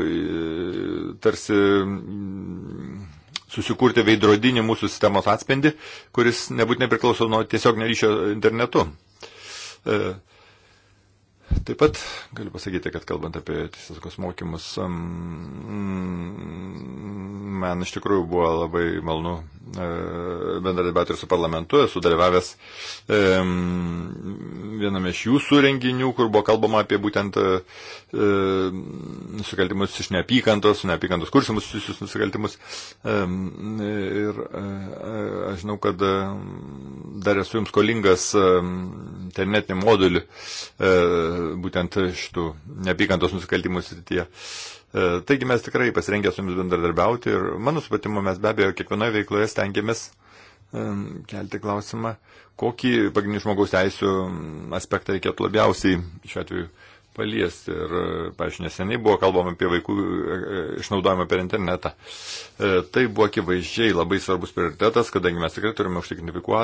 S3: tarsi mm, susikurti veidrodinį mūsų sistemos atspindį, kuris nebūtinai priklauso nuo tiesiog neryšio internetu. E, Taip pat galiu pasakyti, kad kalbant apie teisėsaugos mokymus, man iš tikrųjų buvo labai malnu e, bendradarbiauti ir su parlamentu. Esu dalyvavęs e, viename iš jūsų renginių, kur buvo kalbama apie būtent e, nusikaltimus iš neapykantos, neapykantos kursimus susijusius nusikaltimus. Ir aš žinau, kad dar esu jums kolingas internetinį modulį būtent šitų neapykantos nusikaltimų srityje. E, taigi mes tikrai pasirengę su jumis bendradarbiauti ir mano supratimu mes be abejo kiekvienoje veikloje stengiamės e, kelti klausimą, kokį pagrindinį žmogaus teisų aspektą reikėtų labiausiai šiuo atveju paliesti. Ir, pažiūrėjau, neseniai buvo kalbama apie vaikų e, e, išnaudojimą per internetą. E, tai buvo akivaizdžiai labai svarbus prioritetas, kadangi mes tikrai turime užtikrinti vaikų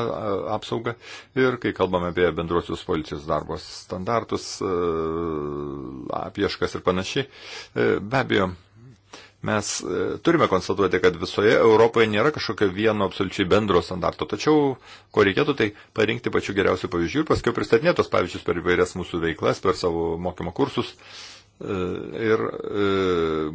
S3: apsaugą. Ir kai kalbame apie bendruosius policijos darbos standartus, e, apieškas ir panašiai, e, be abejo, Mes e, turime konstatuoti, kad visoje Europoje nėra kažkokio vieno absoliučiai bendro standarto, tačiau ko reikėtų, tai parinkti pačių geriausių pavyzdžių ir paskui pristatinėtos pavyzdžius per įvairias mūsų veiklas, per savo mokymo kursus. Uh, E, ir e,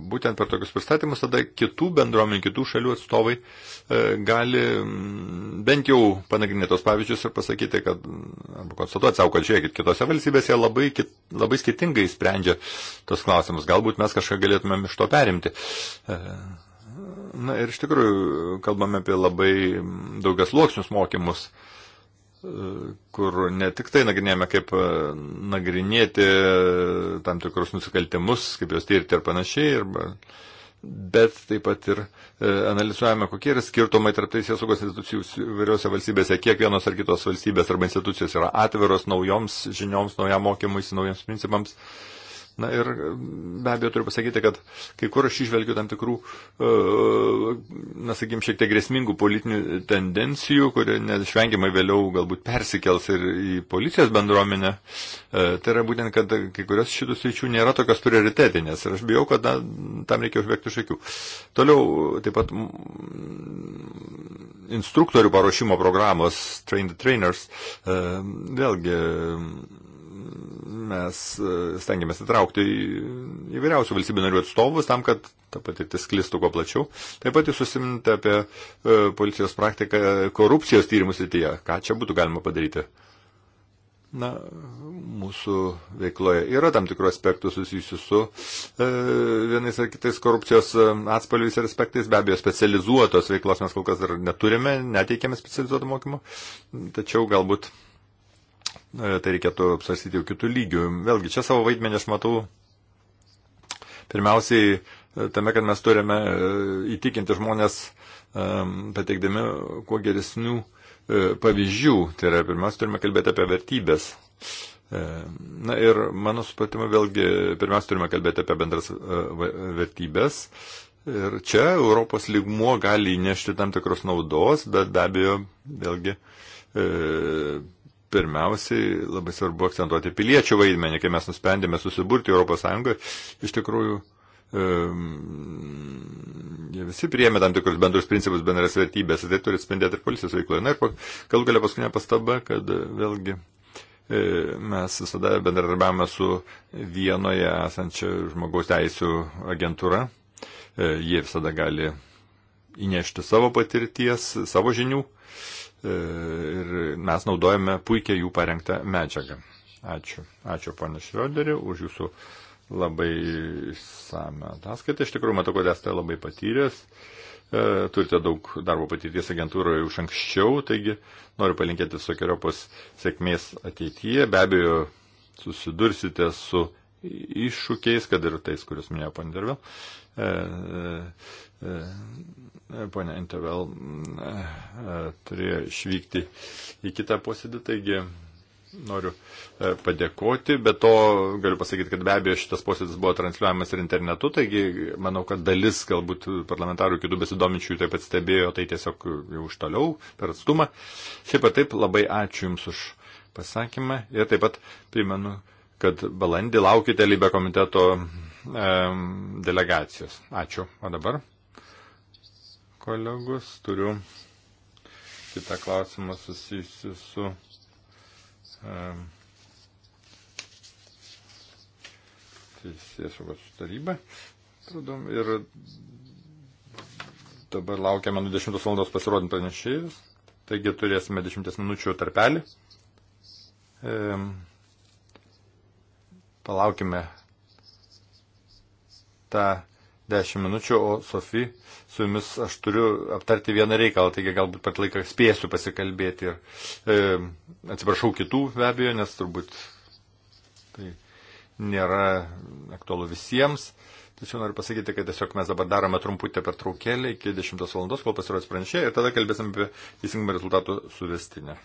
S3: būtent per tokius pristatymus tada kitų bendruomenių, kitų šalių atstovai e, gali mm, bent jau panagrinėti tos pavyzdžius ir pasakyti, kad, mm, arba konstatuoti savo, kad žiūrėkit, kitose valstybėse labai, kit, labai skirtingai sprendžia tos klausimus. Galbūt mes kažką galėtumėm iš to perimti. Na ir iš tikrųjų, kalbame apie labai mm, daugias luoksnius mokymus. Uh, kur ne tik tai nagrinėjame, kaip e, nagrinėti e, tam tikrus nusikaltimus, kaip juos tyrti ir panašiai, e, arba, bet taip pat ir analizuojame, kokie yra skirtumai tarp teisės saugos institucijų įvairiose valstybėse, kiek vienos ar kitos valstybės arba institucijos yra atviros naujoms žinioms, naujam mokymuisi, naujiems principams. Uh, Na ir mm, be abejo turiu pasakyti, kad kai kur aš išvelgiu tam tikrų, e, e, na sakykim, šiek tiek grėsmingų politinių tendencijų, kurie neišvengiamai vėliau galbūt persikels ir į policijos bendruomenę. E, tai yra būtent, kad kai kurios šitų sričių nėra tokios prioritetinės ir aš bijau, kad na, tam reikia užbėgti iš akių. Toliau taip pat instruktorių paruošimo programos Train the Trainers vėlgi mes e, stengiamės įtraukti įvairiausių valstybių narių atstovus tam, kad ta patirtis klistų kuo plačiau. Taip pat jūs susiminti apie e, policijos praktiką korupcijos tyrimų srityje. Ką čia būtų galima padaryti? Na, mūsų veikloje yra tam tikrų aspektų susijusių su e, vienais ar kitais korupcijos e, atspalviais ir aspektais. Be abejo, specializuotos veiklos mes kol kas dar neturime, neteikėme specializuoto mokymo. Tačiau galbūt E, tai reikėtų apsvarstyti jau kitų lygių. Vėlgi, čia savo vaidmenį aš matau pirmiausiai e, tame, kad mes turime e, įtikinti žmonės pateikdami kuo geresnių pavyzdžių. Tai yra, pirmiausia, turime kalbėti apie vertybės. Na ir mano supratimu, vėlgi, pirmiausia, turime kalbėti apie bendras vertybės. Ir čia Europos lygmuo gali įnešti tam tikros naudos, bet be abejo, vėlgi, pirmiausiai labai svarbu akcentuoti piliečių vaidmenį, kai mes nusprendėme susiburti Europos Sąjungoje, iš tikrųjų jie visi priėmė tam tikrus bendrus principus, bendras vertybės, tai turi spindėti ir policijos veikloje. Na ir galų galia paskutinė pastaba, kad e, vėlgi e, mes visada bendradarbiavame su vienoje esančia žmogaus teisų agentūra. E, jie visada gali įnešti savo patirties, savo žinių E, ir mes naudojame puikiai jų parengtą medžiagą. Ačiū. Ačiū, ponė Šrioderį, už jūsų labai išsame ataskaitą. Iš tikrųjų, matau, kad esate labai patyręs. E, turite daug darbo patirties agentūroje už anksčiau, taigi noriu palinkėti visokiojopos sėkmės ateityje. Be abejo, susidursite su iššūkiais, kad ir tais, kuriuos minėjo Pandervė. E, e, e, Pone Intervel turėjo išvykti į kitą posėdį, taigi noriu padėkoti, bet to galiu pasakyti, kad be abejo šitas posėdis buvo transliuojamas ir internetu, taigi manau, kad dalis galbūt parlamentarų kitų besidominčių taip pat stebėjo, tai tiesiog jau už toliau per atstumą. Šiaip ar taip labai ačiū Jums už pasakymą ir taip pat primenu, kad balandį laukite Libė komiteto delegacijos. Ačiū. O dabar, kolegos, turiu kitą klausimą susijusiu su teisės saugos taryba. Pradom, ir dabar laukiame nuo 10 val. pasirodant pranešėjus. Taigi turėsime 10 minučių tarpelį. E, palaukime tą 10 minučių, o Sofi, su jumis aš turiu aptarti vieną reikalą, taigi galbūt pat laiką spėsiu pasikalbėti ir e, atsiprašau kitų be abejo, nes turbūt tai nėra aktualu visiems. Tačiau noriu pasakyti, kad tiesiog mes dabar darome trumputę per traukėlį iki 10 valandos, kol pasirodys pranešėjai ir tada kalbėsim apie teisingumą rezultatų suvestinę.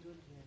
S1: vidurdienį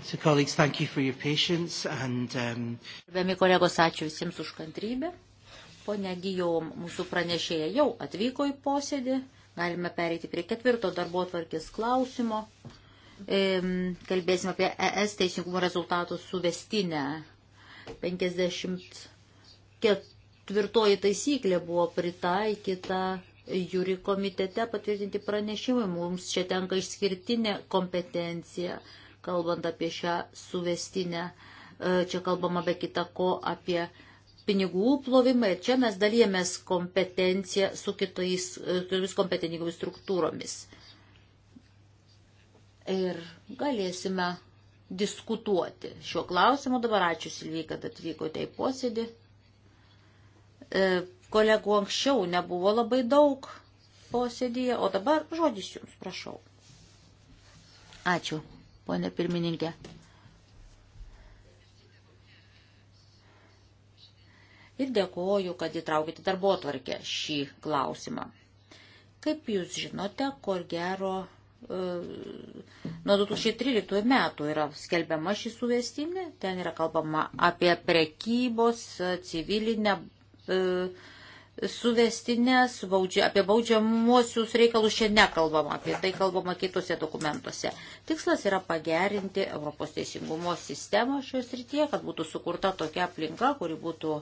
S1: So, colleagues, thank you for your patience and... Um...
S4: Gerbiami kolegos, ačiū visiems už kantrybę. Pone Gijom, mūsų pranešėja jau atvyko į posėdį. Galime pereiti prie ketvirto darbo tvarkės klausimo. E, kalbėsime apie ES teisingumo rezultatų suvestinę. 54 taisyklė buvo pritaikyta jūri komitete patvirtinti pranešimai. Mums čia tenka išskirtinė kompetencija. E, kalbant apie šią suvestinę. E, čia kalbama be kita ko apie pinigų plovimą ir čia mes dalyjamės kompetenciją su kitais, e, kitomis kompetentingomis struktūromis. Ir galėsime diskutuoti šiuo klausimu. Dabar ačiū Silvijai, kad atvykote į posėdį. E, kolegų anksčiau nebuvo labai daug posėdyje, o dabar žodis jums, prašau. Ačiū ponė pirmininkė. Ir dėkoju, kad įtraukite darbo tvarkę šį klausimą. Kaip jūs žinote, kur gero e, nuo 2013 metų yra skelbiama šį suvestinį, ten yra kalbama apie prekybos, civilinę, e, suvestinės, baudžia, apie baudžiamuosius reikalus čia nekalbama, apie tai kalbama kitose dokumentuose. Tikslas yra pagerinti Europos teisingumo sistemą šios rytyje, kad būtų sukurta tokia aplinka, kuri būtų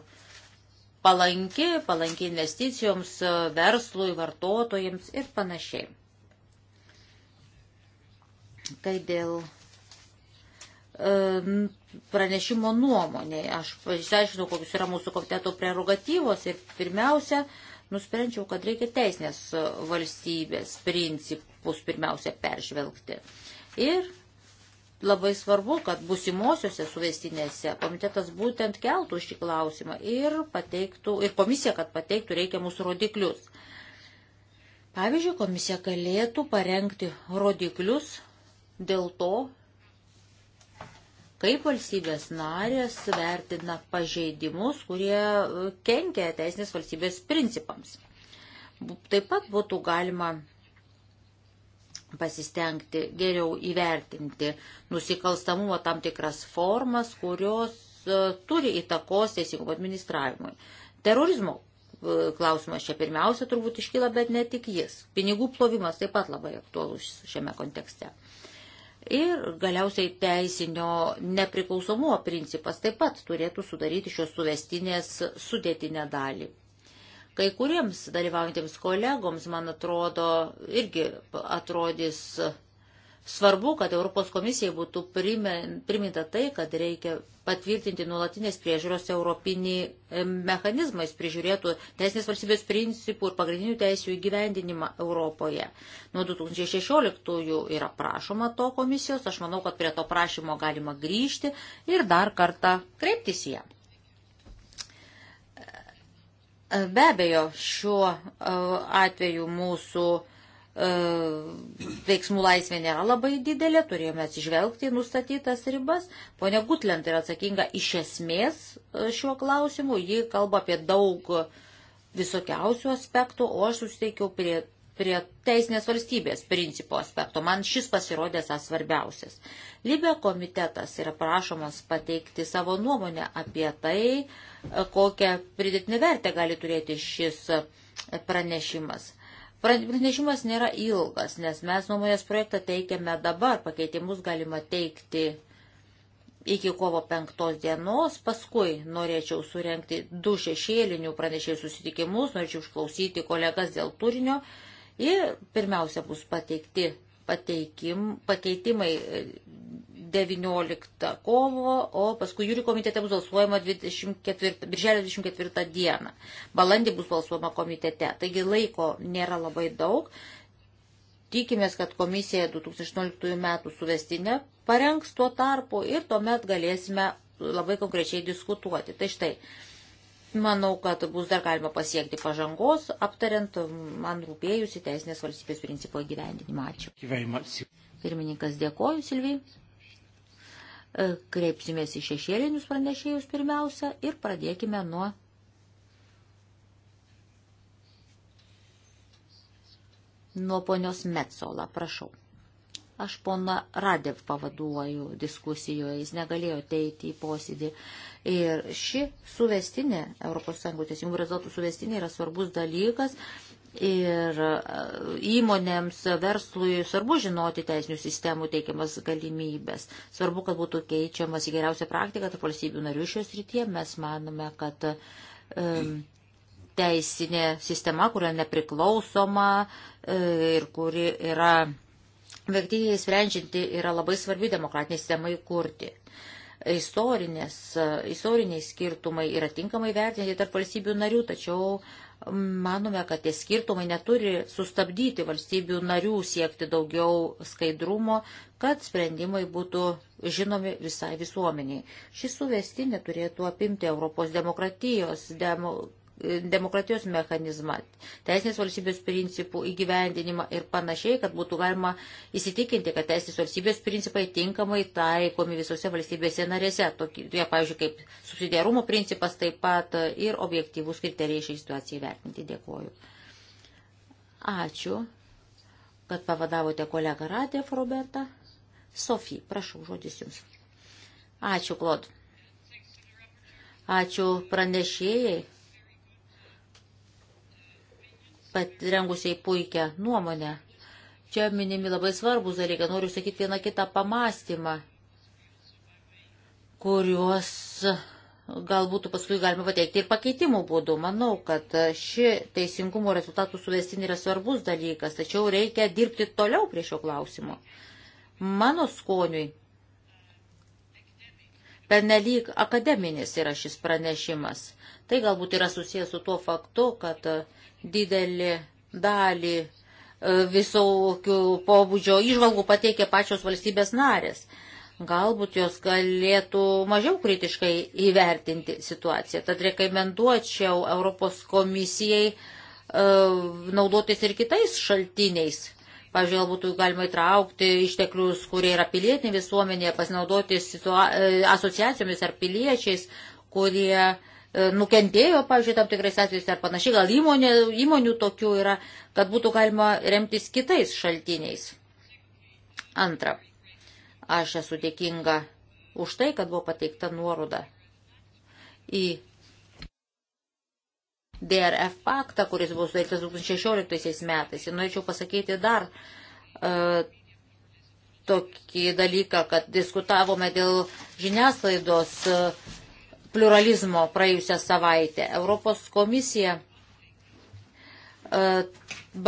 S4: palanki, palanki investicijoms, verslui, vartotojams ir panašiai. Kai dėl e, pranešimo nuomonėje. Aš išsiaiškinau, kokius yra mūsų komiteto prerogatyvos ir pirmiausia, nusprendžiau, kad reikia teisinės valstybės principus pirmiausia peržvelgti. Ir labai svarbu, kad busimosiuose suvestinėse komitetas būtent keltų šį klausimą ir, pateiktų, ir komisija, kad pateiktų reikiamus rodiklius. Pavyzdžiui, komisija galėtų parengti rodiklius dėl to, kaip valstybės narės vertina pažeidimus, kurie e, kenkia teisinės valstybės principams. Taip pat būtų galima pasistengti geriau įvertinti nusikalstamumo tam tikras formas, kurios e, turi įtakos teisingumo administravimui. Terorizmo e, klausimas čia pirmiausia turbūt iškyla, bet ne tik jis. Pinigų plovimas taip pat labai aktuolus šiame kontekste. Ir galiausiai teisinio nepriklausomumo principas taip pat turėtų sudaryti šios suvestinės sudėtinę dalį. Kai kuriems dalyvaujantiems kolegoms, man atrodo, irgi atrodys Svarbu, kad Europos komisijai būtų priminta tai, kad reikia patvirtinti nuolatinės priežiūros europinį e, mechanizmą, jis prižiūrėtų teisinės valstybės principų ir pagrindinių teisų įgyvendinimą Europoje. Nuo 2016 yra prašoma to komisijos, aš manau, kad prie to prašymo galima grįžti ir dar kartą kreiptis ją. Be abejo, šiuo e, atveju mūsų uh, E, veiksmų laisvė nėra labai didelė, turėjome atsižvelgti nustatytas ribas. Pone Gutlent tai yra atsakinga iš esmės e, šiuo klausimu, ji kalba apie daug visokiausių aspektų, o aš susiteikiau prie, prie teisinės valstybės principo aspekto. Man šis pasirodė esas svarbiausias. Libė komitetas yra prašomas pateikti savo nuomonę apie tai, e, kokią pridėtinę vertę gali turėti šis pranešimas. Pranešimas nėra ilgas, nes mes nuomonės projektą teikiame dabar, pakeitimus galima teikti iki kovo penktos dienos, paskui norėčiau surenkti du šešėlinių pranešėjų susitikimus, norėčiau išklausyti kolegas dėl turinio ir pirmiausia bus pateikti pateikim, pakeitimai 19 kovo, o paskui jūrių komitete bus balsuojama 24, birželio 24 dieną. Balandį bus balsuojama komitete. Taigi laiko nėra labai daug. Tikimės, kad komisija 2018 metų suvestinę parengs tuo tarpu ir tuomet galėsime labai konkrečiai diskutuoti. Tai štai, manau, kad bus dar galima pasiekti pažangos, aptariant man rūpėjusi teisinės valstybės principo įgyvendinimą. Ačiū. Pirmininkas dėkoju, Silvijai. E, kreipsimės į šešėlinius pranešėjus pirmiausia ir pradėkime nuo nuo ponios Metsola, prašau. Aš pona Radev pavaduoju diskusijoje, jis negalėjo teiti į posėdį. Ir ši suvestinė, ES teisingumo rezultatų suvestinė yra svarbus dalykas, Ir e, įmonėms, verslui svarbu žinoti teisinių sistemų teikiamas galimybės. Svarbu, kad būtų keičiamas į geriausią praktiką tarp valstybių narių šios rytie. Mes manome, kad um, teisinė sistema, kuria nepriklausoma e, ir kuri yra vektyviai sprendžianti, yra labai svarbi demokratinė sistema įkurti istorinės, e, istoriniai skirtumai yra tinkamai vertinti tarp valstybių narių, tačiau Manome, kad tie skirtumai neturi sustabdyti valstybių narių siekti daugiau skaidrumo, kad sprendimai būtų žinomi visai visuomeniai. Ši suvestinė turėtų apimti Europos demokratijos, demo, demokratijos mechanizmą, teisinės valstybės principų įgyvendinimą ir panašiai, kad būtų galima įsitikinti, kad teisinės valstybės principai tinkamai taikomi visose valstybėse narėse, tokie, pavyzdžiui, kaip subsidiarumo principas taip pat ir objektyvus kriterijai šiai situacijai vertinti. Dėkuoju. Ačiū, kad pavadavote kolegą Radėf Robertą. Sofija, prašau, žodis jums. Ačiū, Klod. Ačiū pranešėjai patrengusiai puikią nuomonę. Čia minimi labai svarbus dalykai, noriu sakyti vieną kitą pamastymą, kuriuos galbūt paskui galima pateikti ir pakeitimų būdų. Manau, kad ši teisingumo rezultatų suvestinė yra svarbus dalykas, tačiau reikia dirbti toliau prie šio klausimo. Mano skoniui Pernelyg akademinis yra šis pranešimas. Tai galbūt yra susijęs su tuo faktu, kad e, didelį dalį e, visokių pobūdžio išvalgų pateikė pačios valstybės narės. Galbūt jos galėtų mažiau kritiškai įvertinti situaciją. Tad rekomenduočiau Europos komisijai e, naudotis ir kitais šaltiniais Pavyzdžiui, gal būtų galima įtraukti išteklius, kurie yra pilietinė visuomenė, pasinaudoti situa... E, asociacijomis ar piliečiais, kurie e, nukentėjo, pavyzdžiui, tam tikrais atvejais ar panašiai, gal įmonė, įmonių tokių yra, kad būtų galima remtis kitais šaltiniais. Antra, aš esu dėkinga už tai, kad buvo pateikta nuoroda į DRF paktą, kuris buvo sudarytas 2016 metais. Ir norėčiau pasakyti dar e, tokį dalyką, kad diskutavome dėl žiniasklaidos e, pluralizmo praėjusią savaitę. Europos komisija e,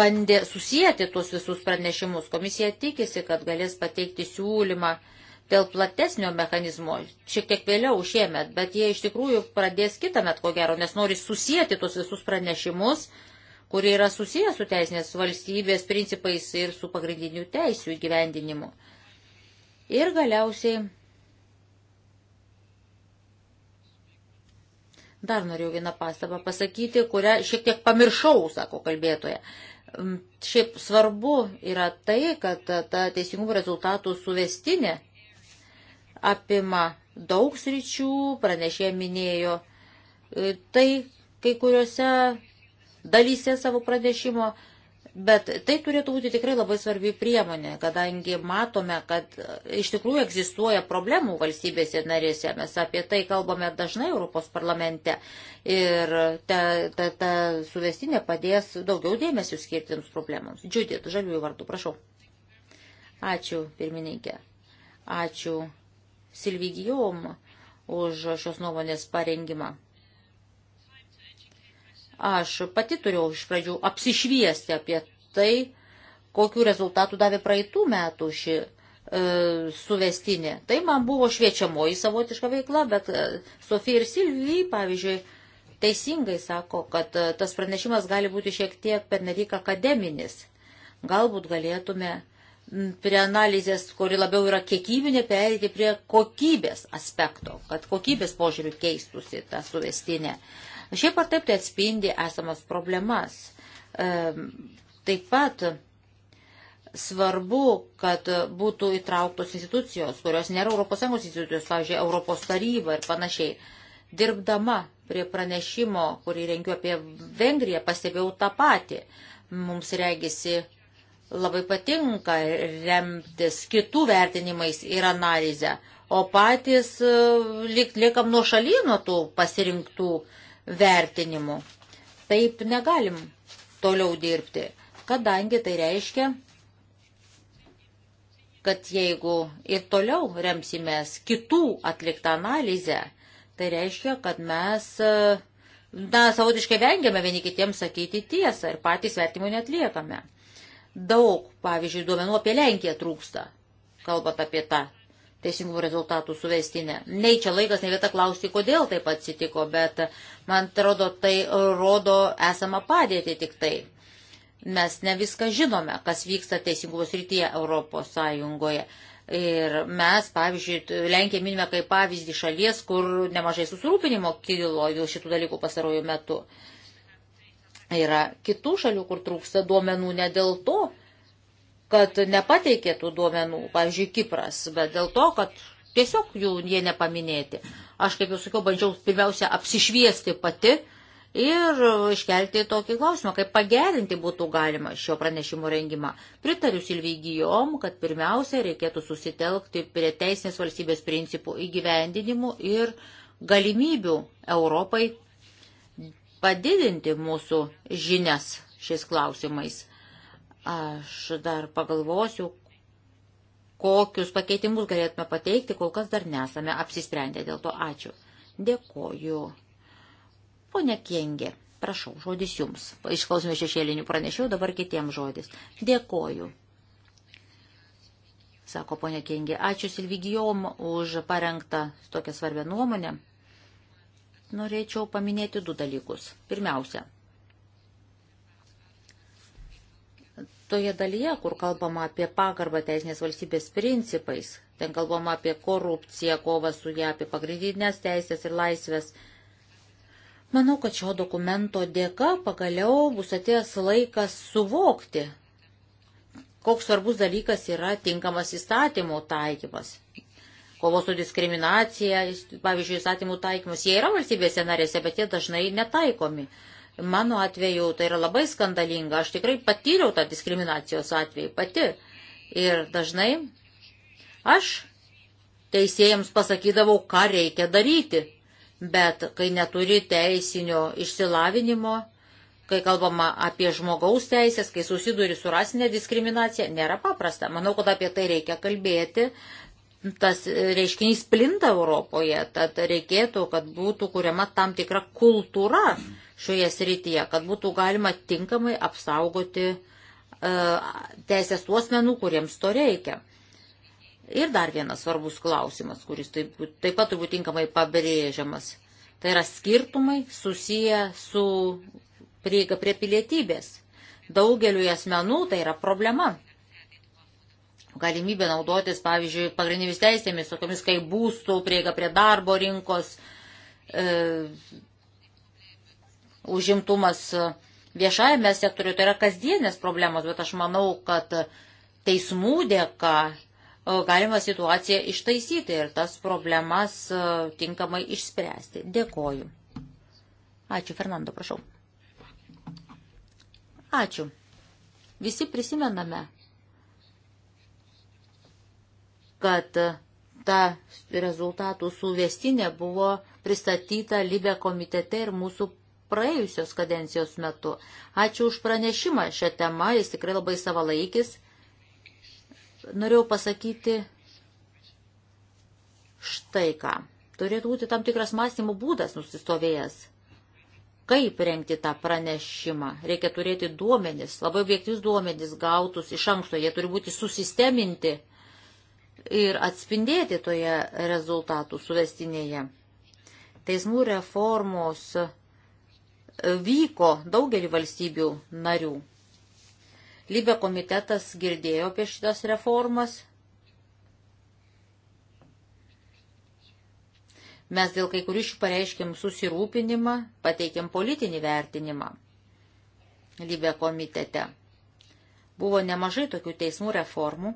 S4: bandė susijęti tuos visus pranešimus. Komisija tikisi, kad galės pateikti siūlymą e, dėl platesnio mechanizmo šiek tiek vėliau šiemet, bet jie iš tikrųjų pradės kitą metą, ko gero, nes nori susijęti tos visus pranešimus, kurie yra susijęs su teisinės valstybės principais ir su pagrindinių teisų įgyvendinimu. Ir galiausiai dar norėjau vieną pastabą pasakyti, kurią šiek tiek pamiršau, sako kalbėtoja. Šiaip svarbu yra tai, kad ta teisingumo rezultatų suvestinė apima daug sričių, pranešė minėjo e, tai kai kuriuose dalyse savo pranešimo, bet tai turėtų būti tikrai labai svarbi priemonė, kadangi matome, kad e, iš tikrųjų egzistuoja problemų valstybėse narėse, mes apie tai kalbame dažnai Europos parlamente ir ta, ta, ta suvestinė padės daugiau dėmesio skirtims problemams. Džiudit, žaliųjų vardų, prašau. Ačiū, pirmininkė. Ačiū Silvigijom už šios nuomonės parengimą. Aš pati turėjau iš pradžių apsišviesti apie tai, kokiu rezultatu davė praeitų metų ši e, suvestinė. Tai man buvo šviečiamoji savotiška veikla, bet e, Sofija ir Silvija, pavyzdžiui, teisingai sako, kad e, tas pranešimas gali būti šiek tiek pernelik akademinis. Galbūt galėtume prie analizės, kuri labiau yra kiekybinė, perėti prie kokybės aspekto, kad kokybės požiūrių keistusi ta suvestinė. Šiaip ar taip tai atspindi esamas problemas. Taip pat svarbu, kad būtų įtrauktos institucijos, kurios nėra ES institucijos, pavyzdžiui, Europos taryba ir panašiai. Dirbdama prie pranešimo, kurį rengiu apie Vengriją, pastebėjau tą patį. Mums regisi labai patinka remtis kitų vertinimais ir analizę, o patys e, lik, liekam nuo šalyno tų pasirinktų vertinimų. Taip negalim toliau dirbti, kadangi tai reiškia, kad jeigu ir toliau remsimės kitų atliktą analizę, tai reiškia, kad mes e, na, savotiškai vengiame vieni kitiems sakyti tiesą ir patys vertimų netliekame. Daug, pavyzdžiui, duomenų apie Lenkiją trūksta, kalbant apie tą teisingų rezultatų suvestinę. Nei čia laikas, nei vieta klausti, kodėl taip atsitiko, bet man atrodo, tai rodo esamą padėtį tik tai. Mes ne viską žinome, kas vyksta teisingumo srityje Europos Sąjungoje. Ir mes, pavyzdžiui, Lenkiją minime kaip pavyzdį šalies, kur nemažai susirūpinimo kilo dėl šitų dalykų pasarojų metu. Uh, Yra kitų šalių, kur trūksta duomenų ne dėl to, kad nepateikė tų duomenų, pavyzdžiui, Kipras, bet dėl to, kad tiesiog jų jie nepaminėti. Aš, kaip jau sakiau, bandžiau pirmiausia apsišviesti pati ir iškelti tokį klausimą, kaip pagerinti būtų galima šio pranešimo rengimą. Pritariu Silvygijom, kad pirmiausia reikėtų susitelkti prie teisinės valstybės principų įgyvendinimų ir galimybių Europai padidinti mūsų žinias šiais klausimais. Aš dar pagalvosiu, kokius pakeitimus galėtume pateikti, kol kas dar nesame apsisprendę, dėl to ačiū. Dėkoju. Pone Kengė, prašau, žodis jums. Išklausime šešėlinių pranešiau, dabar kitiems žodis. Dėkoju. Sako ponė Kengė, ačiū Silvigijom už parengtą tokią svarbę nuomonę norėčiau paminėti du dalykus. Pirmiausia, toje dalyje, kur kalbama apie pagarbą teisinės valstybės principais, ten kalbama apie korupciją, kovą su ją, apie pagrindinės teisės ir laisvės. Manau, kad šio dokumento dėka pagaliau bus atėjęs laikas suvokti, koks svarbus dalykas yra tinkamas įstatymo taikymas kovos su diskriminacija, pavyzdžiui, įstatymų taikymus. Jie yra valstybėse narėse, bet jie dažnai netaikomi. Mano atveju tai yra labai skandalinga. Aš tikrai patyriau tą diskriminacijos atvejį pati. Ir dažnai aš teisėjams pasakydavau, ką reikia daryti. Bet kai neturi teisinio išsilavinimo, kai kalbama apie žmogaus teisės, kai susiduri su rasinė diskriminacija, nėra paprasta. Manau, kad apie tai reikia kalbėti, tas reiškinys plinta Europoje, tad reikėtų, kad būtų kuriama tam tikra kultūra šioje srityje, kad būtų galima tinkamai apsaugoti uh, teisės tuos menų, kuriems to reikia. Ir dar vienas svarbus klausimas, kuris taip, taip pat turbūt tinkamai pabrėžiamas. Tai yra skirtumai susiję su prieiga prie pilietybės. Daugeliu asmenų tai yra problema galimybę naudotis, pavyzdžiui, pagrindinėmis teisėmis, tokiamis kaip būstų, prieiga prie darbo rinkos, e, užimtumas viešajame sektoriu, tai yra kasdienės problemos, bet aš manau, kad teismų dėka e, galima situaciją ištaisyti ir tas problemas e, tinkamai išspręsti. Dėkoju. Ačiū, Fernando, prašau. Ačiū. Visi prisimename, kad ta rezultatų suvestinė buvo pristatyta Libė komitete ir mūsų praėjusios kadencijos metu. Ačiū už pranešimą šią temą, jis tikrai labai savalaikis. Norėjau pasakyti štai ką. Turėtų būti tam tikras mąstymo būdas nusistovėjęs. Kaip rengti tą pranešimą? Reikia turėti duomenis, labai objektyvius duomenis gautus iš anksto, jie turi būti susisteminti ir atspindėti toje rezultatų suvestinėje. Teismų reformos e, vyko daugelį valstybių narių. Libė komitetas girdėjo apie šitas reformas. Mes dėl kai kurių šių pareiškėm susirūpinimą, pateikėm politinį vertinimą Libė komitete. Buvo nemažai tokių teismų reformų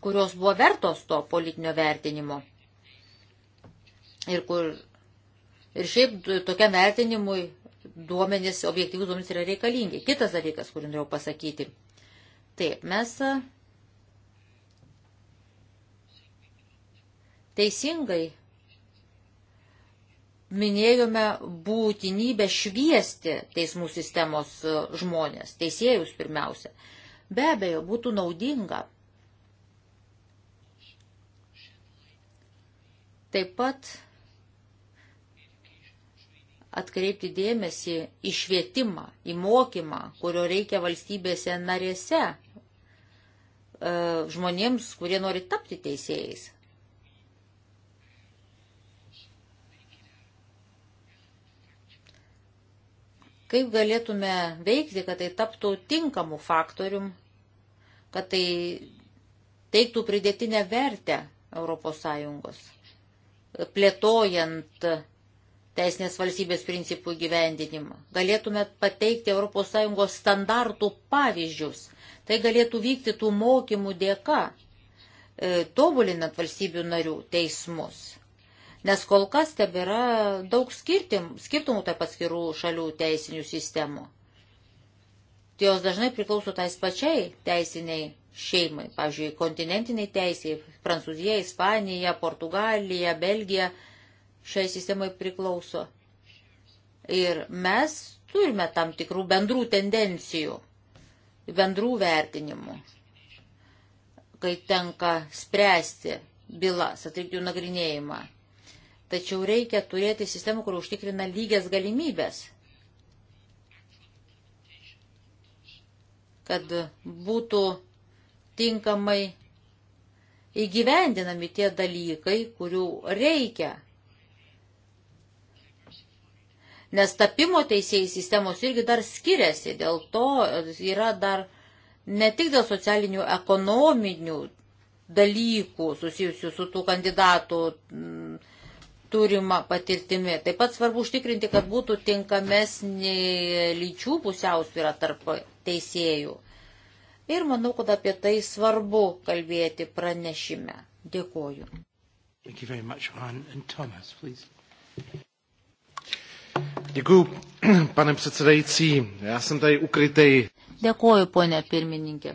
S4: kurios buvo vertos to politinio vertinimo. Ir, kur, ir šiaip tokiam vertinimui duomenys, objektyvus duomenys yra reikalingi. Kitas dalykas, kurį norėjau pasakyti. Taip, mes teisingai minėjome būtinybę šviesti teismų sistemos žmonės, teisėjus pirmiausia. Be abejo, būtų naudinga Taip pat atkreipti dėmesį į švietimą, į mokymą, kurio reikia valstybėse narėse e, žmonėms, kurie nori tapti teisėjais. Kaip galėtume veikti, kad tai taptų tinkamų faktorium, kad tai teiktų pridėtinę vertę Europos Sąjungos plėtojant teisinės valstybės principų gyvendinimą. Galėtume pateikti ES standartų pavyzdžius. Tai galėtų vykti tų mokymų dėka, e, tobulinant valstybių narių teismus. Nes kol kas tebėra daug skirtim, skirtumų tarp atskirų šalių teisinių sistemų. Tai jos dažnai priklauso tais pačiai teisiniai šeimai. Pavyzdžiui, kontinentiniai teisiai - Prancūzija, Ispanija, Portugalija, Belgija šiai sistemai priklauso. Ir mes turime tam tikrų bendrų tendencijų, bendrų vertinimų, kai tenka spręsti bylas, atlikti jų nagrinėjimą. Tačiau reikia turėti sistemą, kur užtikrina lygias galimybės, kad būtų tinkamai įgyvendinami tie dalykai, kurių reikia. Nes tapimo teisėjai sistemos irgi dar skiriasi, dėl to yra dar ne tik dėl socialinių, ekonominių dalykų susijusių su tų kandidatų mm, turima patirtimi. Taip pat svarbu užtikrinti, kad būtų tinkamesnė lyčių pusiausvyrą tarp teisėjų ir manau, kad apie tai svarbu kalbėti pranešime. Dėkoju. Much,
S1: Thomas, Děkuju, pane předsedající. Já jsem tady ukrytej.
S4: Dėkoju, ponė pirmininkė.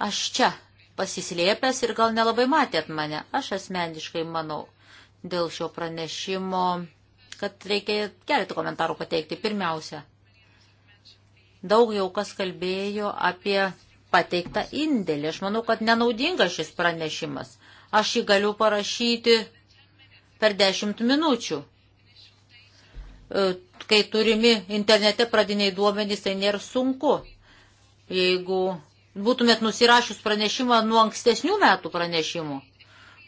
S4: Aš čia pasislėpęs ir gal nelabai matėt mane. Aš asmeniškai manau dėl šio pranešimo, kad reikia keletą komentarų pateikti. Pirmiausia, Daug jau kas kalbėjo apie pateiktą indėlį. Aš manau, kad nenaudinga šis pranešimas. Aš jį galiu parašyti per dešimt minučių. E, kai turimi internete pradiniai duomenys, tai nėra sunku. Jeigu būtumėt nusirašius pranešimą nuo ankstesnių metų pranešimų,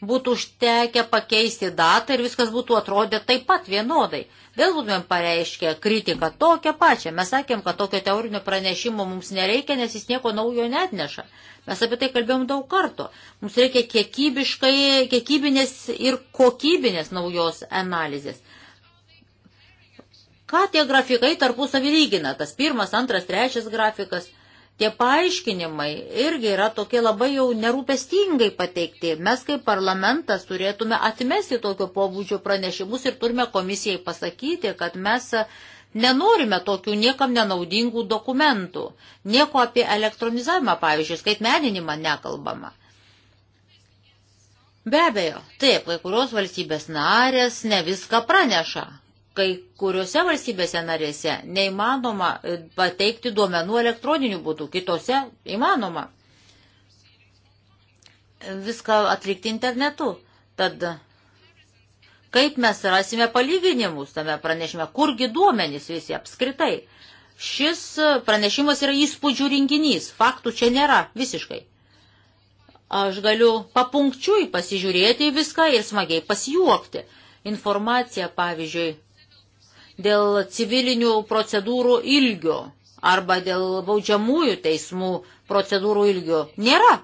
S4: būtų užtekę pakeisti datą ir viskas būtų atrodę taip pat vienodai vėl būtumėm pareiškę kritiką tokią pačią. Mes sakėm, kad tokio teorinio pranešimo mums nereikia, nes jis nieko naujo net neša. Mes apie tai kalbėjom daug kartų. Mums reikia kiekybinės ir kokybinės naujos analizės. Ką tie grafikai tarpusavį lygina? Tas pirmas, antras, trečias grafikas – Tie paaiškinimai irgi yra tokie labai jau nerūpestingai pateikti. Mes kaip parlamentas turėtume atmesti tokio pobūdžio pranešimus ir turime komisijai pasakyti, kad mes nenorime tokių niekam nenaudingų dokumentų. Nieko apie elektronizavimą, pavyzdžiui, skaitmeninimą nekalbama. Be abejo, taip, kai kurios valstybės narės ne viską praneša, kai kuriuose valstybėse narėse neįmanoma e, pateikti duomenų elektroniniu būdu, kitose įmanoma viską atlikti internetu. Tad kaip mes rasime palyginimus tame pranešime, kurgi duomenys visi apskritai. Šis pranešimas yra įspūdžių rinkinys, faktų čia nėra visiškai. Aš galiu papunkčiui pasižiūrėti į viską ir smagiai pasijuokti. Informacija, pavyzdžiui, dėl civilinių procedūrų ilgio arba dėl baudžiamųjų teismų procedūrų ilgio. Nėra.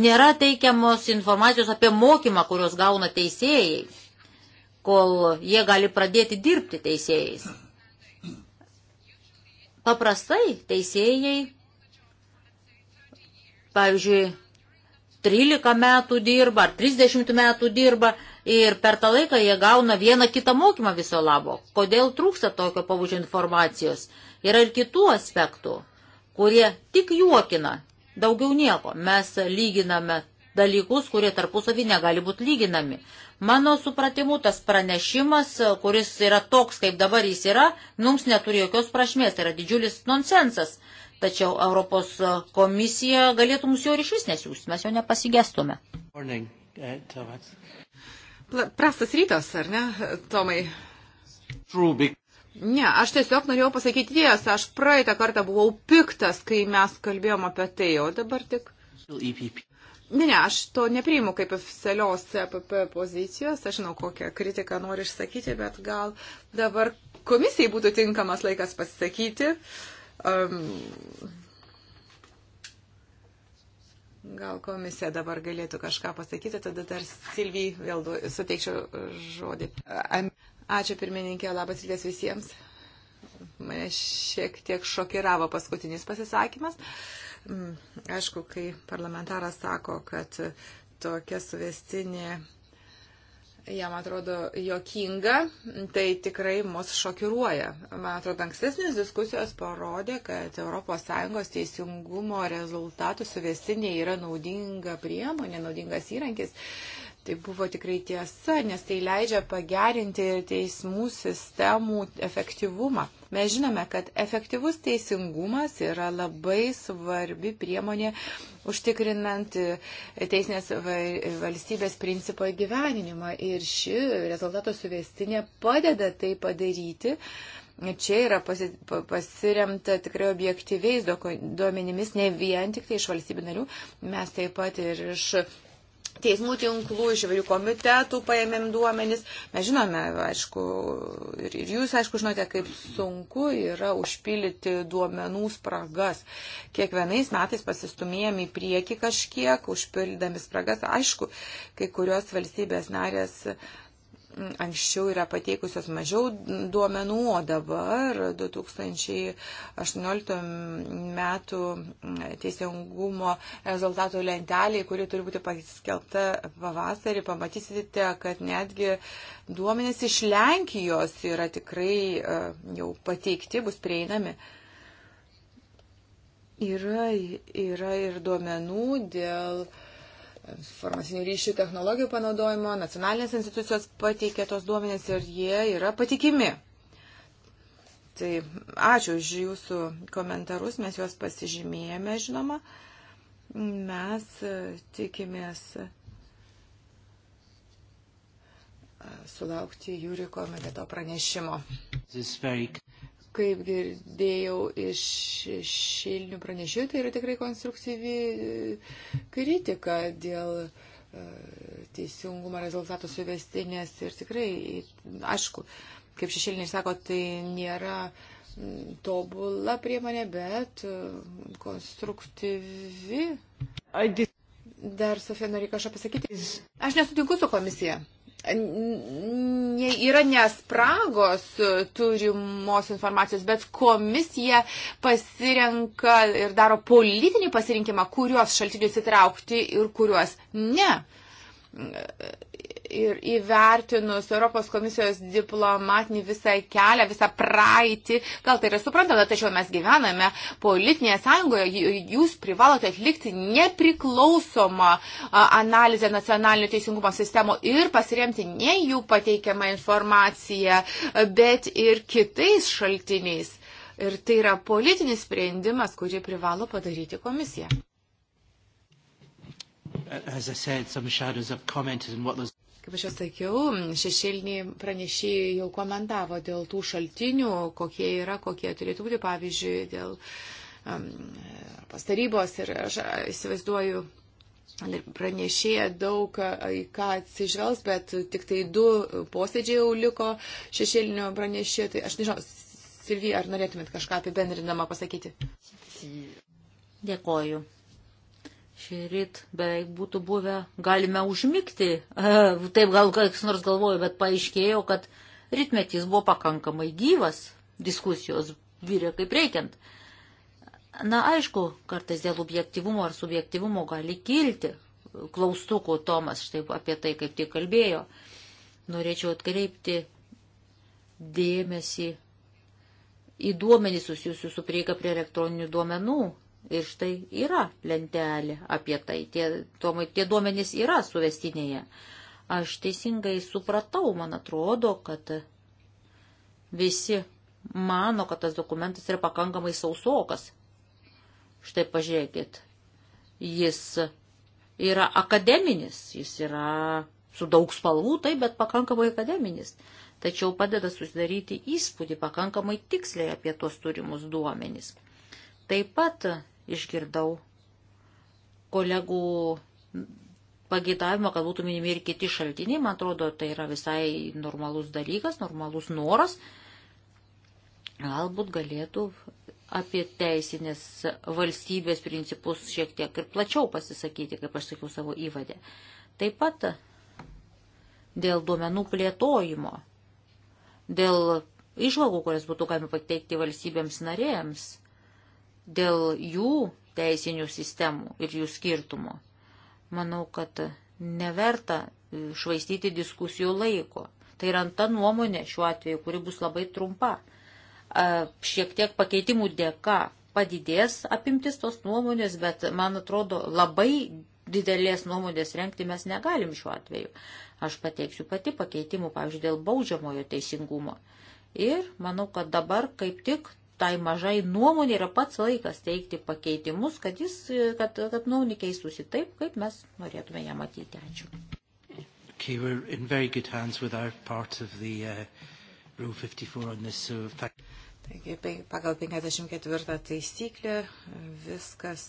S4: Nėra teikiamos informacijos apie mokymą, kurios gauna teisėjai, kol jie gali pradėti dirbti teisėjais. Paprastai teisėjai, pavyzdžiui, 13 metų dirba ar 30 metų dirba, ir per tą laiką jie gauna vieną kitą mokymą viso labo. Kodėl trūksta tokio pabudžio informacijos? Yra ir kitų aspektų, kurie tik juokina, daugiau nieko. Mes lyginame dalykus, kurie tarpusavį negali būti lyginami. Mano supratimu, tas pranešimas, kuris yra toks, kaip dabar jis yra, mums neturi jokios prašmės, tai yra didžiulis nonsensas. Tačiau Europos komisija galėtų mums jo ir iš vis nesiūsti, mes jo nepasigestume. Morning. Prastas rytas, ar ne, Tomai? True, Ne, aš
S2: tiesiog norėjau pasakyti tiesą. Aš praeitą kartą buvau piktas, kai mes kalbėjom apie tai, o dabar tik. E
S1: ne,
S2: ne, aš to nepriimu kaip oficialios EPP pozicijos. Aš žinau, kokią kritiką nori išsakyti, bet gal dabar komisijai būtų tinkamas laikas pasisakyti. Um, Gal komisija dabar galėtų kažką pasakyti, tada dar Silvijai vėl suteikčiau žodį. Ačiū pirmininkė, labas rytas visiems. Mane šiek tiek šokiravo paskutinis pasisakymas. Mm, aišku, kai parlamentaras sako, kad tokia suvestinė jam atrodo jokinga, tai tikrai mus šokiruoja. Man atrodo, ankstesnės diskusijos parodė, kad ES teisingumo rezultatų suvestinė yra naudinga priemonė, naudingas įrankis. Uh, Tai buvo tikrai tiesa, nes tai leidžia pagerinti teismų sistemų efektyvumą. Mes žinome, kad efektyvus teisingumas yra labai svarbi priemonė užtikrinant teisinės valstybės principo įgyveninimą. Ir ši rezultato suvestinė padeda tai padaryti. Čia yra pasi, pasiremta tikrai objektyviais duomenimis, ne vien tik tai iš valstybių narių, mes taip pat ir iš teismų tinklų, iš įvairių komitetų paėmėm duomenis. Mes žinome, aišku, ir, ir jūs, aišku, žinote, kaip sunku yra užpildyti duomenų spragas. Kiekvienais metais pasistumėjom į priekį kažkiek, užpildydami spragas. Aišku, kai kurios valstybės narės. Uh, anksčiau yra pateikusios mažiau duomenų, o dabar 2018 metų mm, teisingumo rezultatų lentelėje, kuri turi būti paskelbta pavasarį, pamatysite, kad netgi duomenys iš Lenkijos yra tikrai e, jau pateikti, bus prieinami. Yra, yra ir duomenų dėl uh, informacinių ryšių technologijų panaudojimo, nacionalinės institucijos pateikė tos duomenės ir jie yra patikimi. Tai ačiū už jūsų komentarus, mes juos pasižymėjome, žinoma. Mes e, tikimės e, sulaukti Jūriko Megeto pranešimo. Kaip girdėjau iš šilinių pranešėjų, tai yra tikrai konstruktyvi e, kritika dėl e, teisingumo rezultatų suvestinės ir tikrai, aišku, kaip šešėliniai sako, tai nėra tobula priemonė, bet e, konstruktyvi. Dar Sofija nori kažką pasakyti. Aš nesutinku su komisija yra nespragos e, turimos informacijos, bet komisija pasirenka ir daro politinį pasirinkimą, kuriuos šaltinius įtraukti ir kuriuos ne ir įvertinus Europos komisijos diplomatinį visą kelią, visą praeitį, gal tai yra suprantama, tačiau mes gyvename politinėje sąjungoje, jūs privalote atlikti nepriklausomą analizę nacionalinio teisingumo sistemo ir pasiremti ne jų pateikiamą informaciją, bet ir kitais šaltiniais. Ir tai yra politinis sprendimas, kurį privalo padaryti komisija
S1: as I said, some shadows have commented on what those.
S2: Kaip aš jau sakiau, šešėliniai pranešėjai jau komentavo dėl tų šaltinių, kokie yra, kokie turėtų būti, pavyzdžiui, dėl um, pastarybos ir aš įsivaizduoju, pranešėja daug į ką atsižvelgs, bet tik tai du posėdžiai jau liko šešėlinio pranešėjo. Tai aš nežinau,
S4: Silvija, ar norėtumėt kažką apibendrinamą pasakyti? Dėkoju šį ryt beveik būtų buvę, galime užmigti, eh, taip gal kas nors galvoju, bet paaiškėjo, kad rytmetys buvo pakankamai gyvas, diskusijos vyrė kaip reikiant. Na, aišku, kartais dėl objektivumo ar subjektivumo gali kilti klaustukų Tomas, štai apie tai kaip tik kalbėjo. Norėčiau atkreipti dėmesį į duomenį susijusių su prieiga prie elektroninių duomenų Ir štai yra lentelė apie tai. Tie, to, tie duomenys yra suvestinėje. Aš teisingai supratau, man atrodo, kad visi mano, kad tas dokumentas yra pakankamai sausokas. Štai pažiūrėkit, jis yra akademinis, jis yra su daug spalvų, tai bet pakankamai akademinis. Tačiau padeda susidaryti įspūdį pakankamai tiksliai apie tuos turimus duomenys. Taip pat išgirdau kolegų pagėdavimą, kad būtų minimi ir kiti šaltiniai. Man atrodo, tai yra visai normalus dalykas, normalus noras. Galbūt galėtų apie teisinės valstybės principus šiek tiek ir plačiau pasisakyti, kaip aš sakiau savo įvadė. Taip pat dėl duomenų plėtojimo, dėl išvalgų, kurias būtų galima pateikti valstybėms narėms, dėl jų teisinių sistemų ir jų skirtumo. Manau, kad neverta švaistyti diskusijų laiko. Tai yra ta nuomonė šiuo atveju, kuri bus labai trumpa. Šiek tiek pakeitimų dėka padidės apimtis tos nuomonės, bet, man atrodo, labai didelės nuomonės renkti mes negalim šiuo atveju. Aš pateiksiu pati pakeitimų, pavyzdžiui, dėl baudžiamojo teisingumo. Ir manau, kad dabar kaip tik tai mažai nuomonė yra pats laikas teikti pakeitimus, kad, jis, kad, kad nuomonė keistųsi taip, kaip mes norėtume ją matyti. Ačiū.
S1: Okay, we're in very good hands with our part of the uh, Rule 54 on this. So uh, thank...
S2: Taigi, pagal 54 taisyklę viskas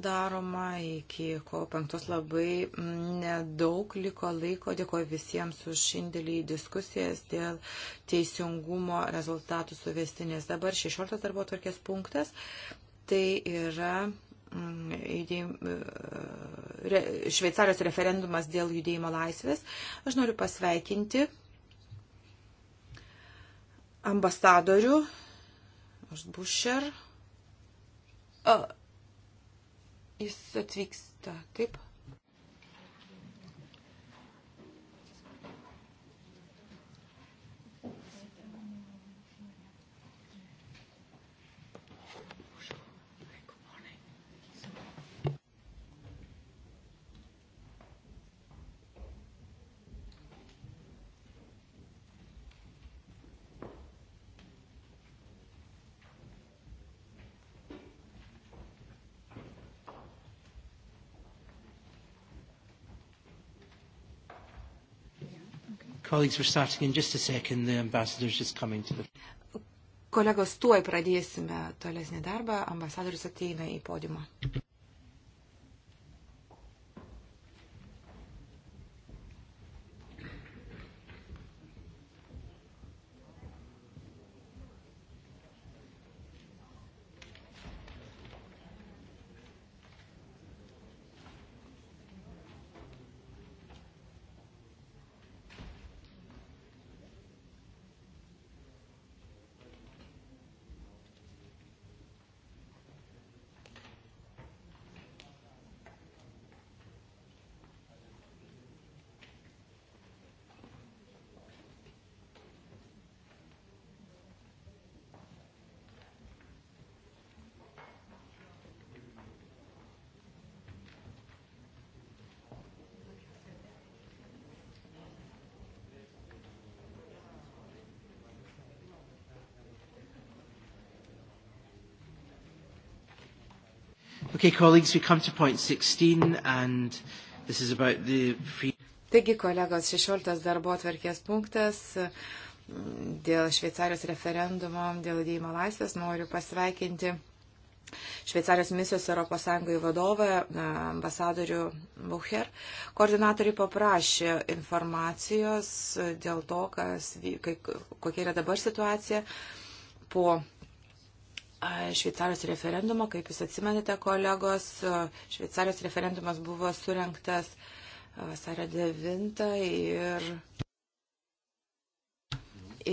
S2: daroma, iki kovo penktos labai nedaug liko laiko. Dėkoju visiems už indėlį į diskusijas dėl teisingumo rezultatų suvestinės. Dabar 16 darbo tvarkės punktas. Tai yra mm, e, Šveicarijos referendumas dėl judėjimo laisvės. Aš noriu pasveikinti ambasadorių. Aš Bušer. Uh Jis atvyksta. Taip.
S1: Colleagues, we're starting in just a second. The ambassador's just coming to the...
S2: Kolegos, tuoj pradėsime tolesnį darbą. Ambasadorius ateina į podiumą.
S1: Okay, colleagues, we come to point 16 and this is about the free...
S2: Taigi, kolegos, 16 darbo atverkės punktas mm, dėl Šveicarijos referendumo, dėl įdėjimo laisvės noriu pasveikinti Šveicarijos misijos ES vadovą, ambasadorių Bucher, koordinatoriai paprašė informacijos dėl to, kas, kai, kokia yra dabar situacija po Šveicarijos referendumo, kaip jūs atsimenate, kolegos, Šveicarijos referendumas buvo surinktas vasario 9 ir,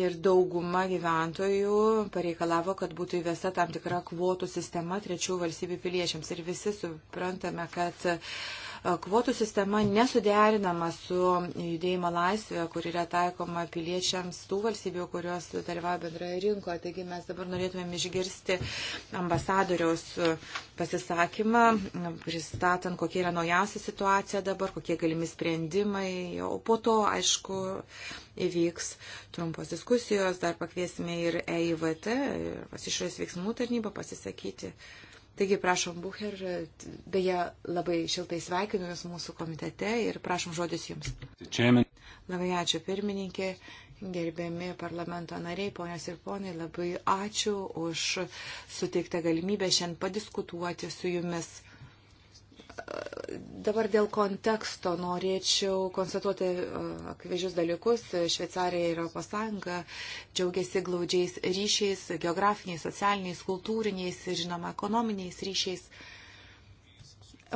S2: ir dauguma gyventojų pareikalavo, kad būtų įvesta tam tikra kvotų sistema trečių valstybių piliečiams. Ir visi suprantame, kad uh, kvotų sistema nesuderinama su judėjimo laisvė, kur yra taikoma piliečiams tų valstybių, kurios dalyvauja bendroje rinkoje. Taigi mes dabar norėtumėm išgirsti ambasadoriaus pasisakymą, pristatant, kokia yra naujausia situacija dabar, kokie galimi sprendimai. O po to, aišku, įvyks trumpos diskusijos, dar pakviesime ir EIVT, ir pasišorės veiksmų tarnybą pasisakyti. Uh, Taigi, prašom, Bucher, beje, labai šiltai sveikinu Jūs mūsų komitete ir prašom žodis Jums. Labai ačiū, pirmininkė, gerbiami parlamento nariai, ponios ir ponai, labai ačiū už suteiktą galimybę šiandien padiskutuoti su Jumis. Dabar dėl konteksto norėčiau konstatuoti uh, akvežius dalykus. Šveicarija ir Europos Sąjunga džiaugiasi glaudžiais ryšiais, geografiniais, socialiniais, kultūriniais ir, žinoma, ekonominiais ryšiais.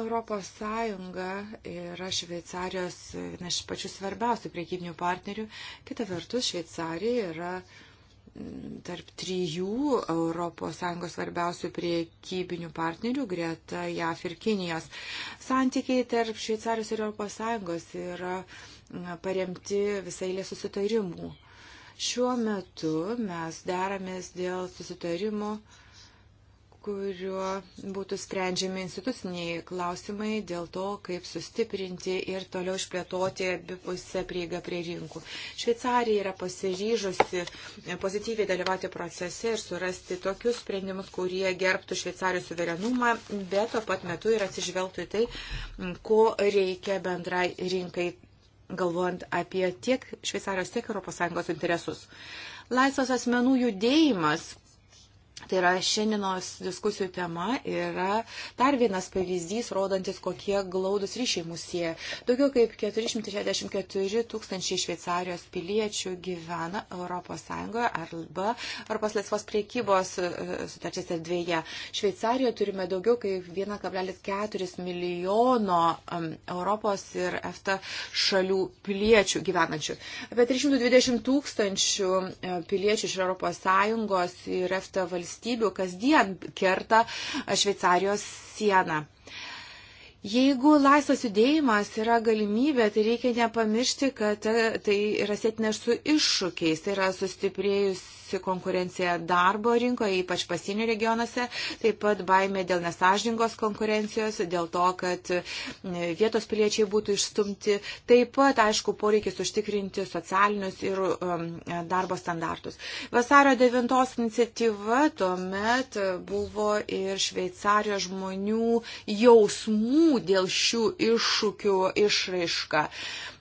S2: Europos Sąjunga yra Šveicarijos viena iš pačių svarbiausių priekybinių partnerių. Kita vertus, Šveicarija yra uh, tarp trijų ES svarbiausių priekybinių partnerių greta JAF ir Kinijos. Santykiai tarp Šveicarijos ir ES yra paremti visai lė susitarimų. Šiuo metu mes deramės dėl susitarimo kuriuo būtų sprendžiami instituciniai klausimai dėl to, kaip sustiprinti ir toliau išplėtoti abipusę prieigą prie rinkų. Šveicarija yra pasiryžusi pozityviai dalyvauti procese ir surasti tokius sprendimus, kurie gerbtų Šveicarijos suverenumą, bet tuo pat metu ir atsižvelgtų į tai, ko reikia bendrai rinkai, galvojant apie tiek Šveicarijos, tiek ES interesus. Laisvas asmenų judėjimas Tai yra šiandienos diskusijų tema yra dar vienas pavyzdys, rodantis, kokie glaudus ryšiai musie. Daugiau kaip 464 tūkstančiai Šveicarijos piliečių gyvena ES arba Europos laisvos priekybos e, sutarčiais erdvėje. Šveicarijoje turime daugiau kaip 1,4 milijono Europos ir EFTA šalių piliečių gyvenančių. Apie 320 tūkstančių e, piliečių iš ES ir EFTA valstybių valstybių kasdien kerta Šveicarijos sieną. Jeigu laisvas judėjimas yra galimybė, tai reikia nepamiršti, kad e, tai yra sėtinė su iššūkiais, tai yra sustiprėjus konkurencija darbo rinkoje, ypač pasienio regionuose, taip pat baimė dėl nesažingos konkurencijos, dėl to, kad vietos piliečiai būtų išstumti, taip pat, aišku, poreikis užtikrinti socialinius ir um, darbo standartus. Vasario 9 iniciatyva tuomet buvo ir Šveicarijos žmonių jausmų dėl šių iššūkių išraiška.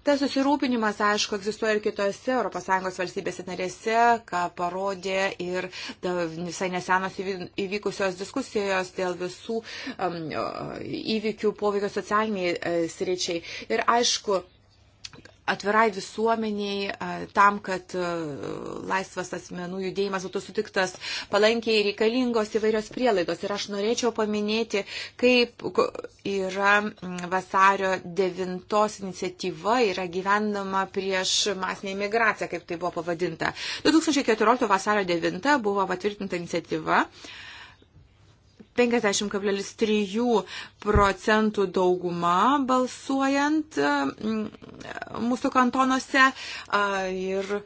S2: Tas susirūpinimas, aišku, egzistuoja ir kitose ES valstybėse narėse, ką parodė ir visai nesenos įvykusios diskusijos dėl visų um, įvykių poveikio socialiniai e, sričiai. Ir aišku, atvirai visuomeniai, tam, kad laisvas asmenų judėjimas būtų sutiktas palankiai reikalingos įvairios prielaidos. Ir aš norėčiau paminėti, kaip yra vasario 9 iniciatyva yra gyvendama prieš masinę imigraciją, kaip tai buvo pavadinta. 2014 vasario 9 buvo patvirtinta iniciatyva 50,3 procentų dauguma balsuojant mm, mūsų kantonuose ir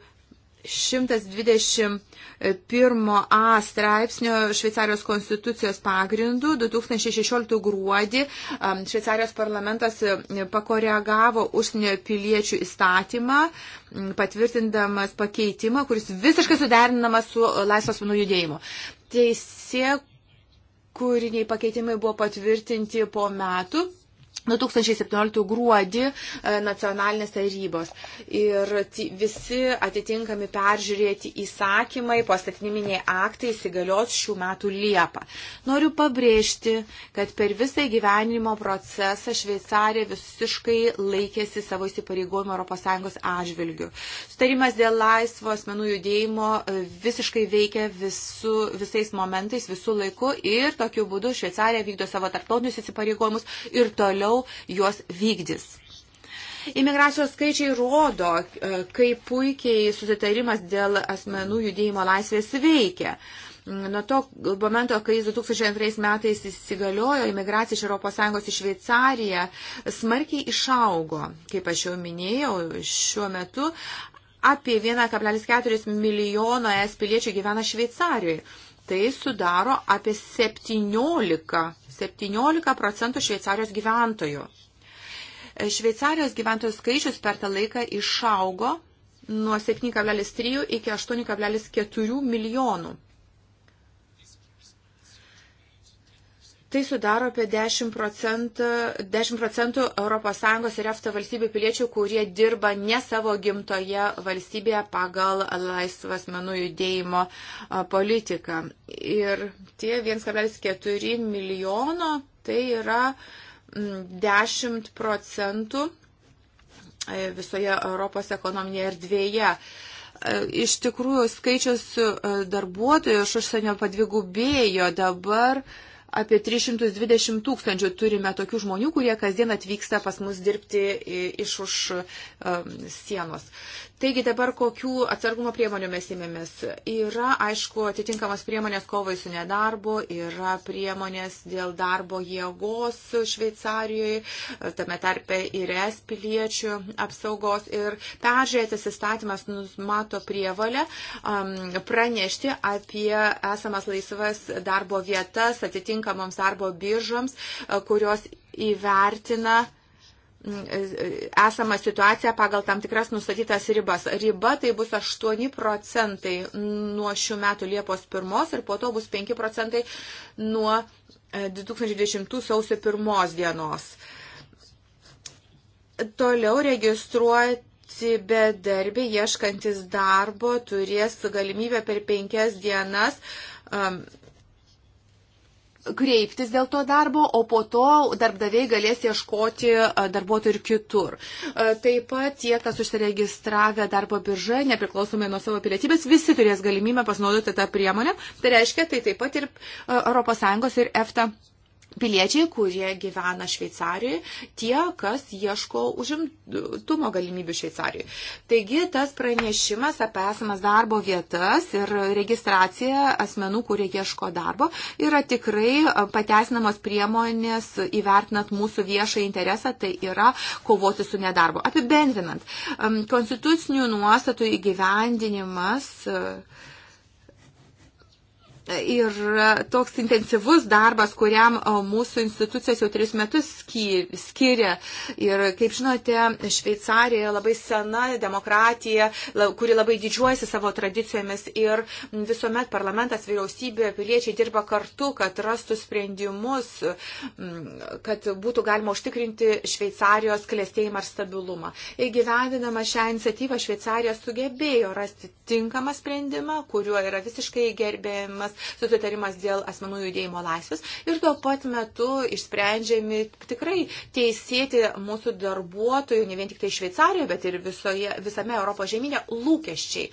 S2: 121a straipsnio Šveicarijos konstitucijos pagrindų 2016 gruodį Šveicarijos parlamentas pakoregavo užsienio piliečių įstatymą, patvirtindamas pakeitimą, kuris visiškai suderinamas su laisvas manų judėjimu. Teisė kūriniai pakeitimai buvo patvirtinti po metų 2017 gruodį e, nacionalinės tarybos. Ir visi atitinkami peržiūrėti įsakymai, postatiniminiai aktai įsigalios šių metų Liepą. Noriu pabrėžti, kad per visą gyvenimo procesą Šveicarija visiškai laikėsi savo įsipareigojimo ES atžvilgių. Sutarimas dėl laisvo asmenų judėjimo e, visiškai veikia visu, visais momentais, visų laiku ir tokiu būdu Šveicarija vykdo savo tarptautinius įsipareigojimus ir toliau toliau juos vykdys. Imigracijos skaičiai rodo, e, kaip puikiai susitarimas dėl asmenų judėjimo laisvės veikia. Mm, Nuo to momento, kai 2002 metais įsigaliojo imigracija iš ES į Šveicariją, smarkiai išaugo. Kaip aš jau minėjau, šiuo metu apie 1,4 milijono es piliečių gyvena Šveicarijoje tai sudaro apie 17, 17 procentų Šveicarijos gyventojų. Šveicarijos gyventojų skaičius per tą laiką išaugo nuo 7,3 iki 8,4 milijonų. Tai sudaro apie 10 procentų, 10 procentų ES ir EFTA valstybių piliečių, kurie dirba ne savo gimtoje valstybėje pagal laisvas menų judėjimo politiką. Ir tie 1,4 milijono tai yra 10 procentų visoje Europos ekonominėje erdvėje iš tikrųjų skaičius darbuotojų iš užsienio padvigubėjo dabar. Apie 320 tūkstančių turime tokių žmonių, kurie kasdien atvyksta pas mus dirbti iš už um, sienos. Taigi dabar kokių atsargumo priemonių mes ėmėmės? Yra, aišku, atitinkamas priemonės kovai su nedarbu, yra priemonės dėl darbo jėgos Šveicarijoje, tame tarpe ir es piliečių apsaugos ir peržiūrėtas įstatymas numato prievalę um, pranešti apie esamas laisvas darbo vietas atitinkamoms darbo biržoms, uh, kurios įvertina uh, Mm, e, e, esamą situaciją pagal tam tikras nustatytas ribas. Riba tai bus 8 procentai nuo šių metų Liepos 1 ir po to bus 5 procentai nuo 2010 e, sausio 1 dienos. Toliau registruoti visi bedarbiai ieškantis darbo turės galimybę per penkias dienas um, kreiptis dėl to darbo, o po to darbdaviai galės ieškoti darbuotojų ir kitur. Taip pat tie, kas užsiregistravę darbo biržą, nepriklausomai nuo savo pilietybės, visi turės galimybę pasinaudoti tą priemonę. Tai reiškia, tai taip pat ir ES ir EFTA piliečiai, kurie gyvena Šveicarijoje, tie, kas ieško užimtumo galimybių Šveicarijoje. Taigi tas pranešimas apie esamas darbo vietas ir registracija asmenų, kurie ieško darbo, yra tikrai pateisinamos priemonės įvertinant mūsų viešą interesą, tai yra kovoti su nedarbu. Apibendrinant, konstitucinių nuostatų įgyvendinimas. Uh, yra e, toks intensyvus darbas, kuriam e, mūsų institucijos jau tris metus skiria. Ir, kaip žinote, Šveicarija labai sena demokratija, kuri labai didžiuojasi savo tradicijomis ir visuomet parlamentas, vyriausybė, piliečiai dirba kartu, kad rastų sprendimus, kad būtų galima užtikrinti Šveicarijos klėstėjimą ir stabilumą. Įgyvendinama šią iniciatyvą Šveicarija sugebėjo rasti tinkamą sprendimą, kuriuo yra visiškai gerbėjimas susitarimas dėl asmenų judėjimo laisvės ir tuo pat metu išsprendžiami tikrai teisėti mūsų darbuotojų, ne vien tik tai Šveicarijoje, bet ir visoje, visame Europos žemynė lūkesčiai.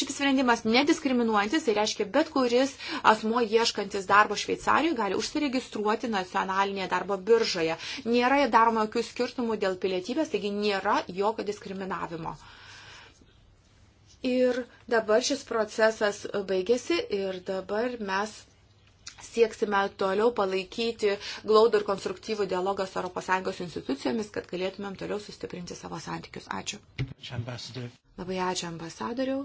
S2: Šitas sprendimas nediskriminuojantis, tai reiškia, bet kuris asmo ieškantis darbo Šveicarijoje gali užsiregistruoti nacionalinėje darbo biržoje. Nėra daroma jokių skirtumų dėl pilietybės, taigi nėra jokio diskriminavimo. Ir dabar šis procesas baigėsi ir dabar mes sieksime toliau palaikyti glaudų ir konstruktyvų dialogą su ES institucijomis, kad galėtumėm toliau sustiprinti savo santykius. Ačiū. Labai ačiū ambasadoriau.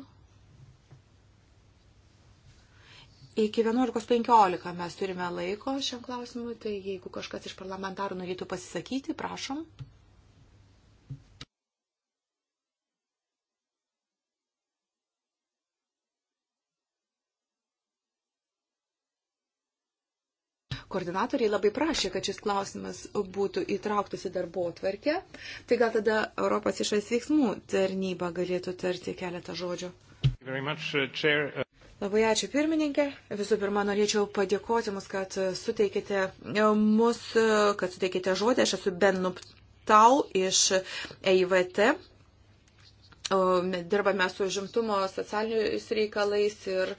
S2: Iki 11.15 mes turime laiko šiam klausimui, tai jeigu kažkas iš parlamentarų norėtų pasisakyti, prašom. koordinatoriai labai prašė, kad šis klausimas būtų įtrauktas į darbo tvarkę. Tai gal tada Europos išorės veiksmų tarnyba galėtų tarti keletą žodžių.
S3: Uh,
S2: labai ačiū pirmininkė. Visų pirma, norėčiau padėkoti mus, kad suteikite mus, kad suteikite žodį. Aš esu Ben Nuptau iš EIVT. Dirbame su žimtumo socialiniais reikalais ir uh,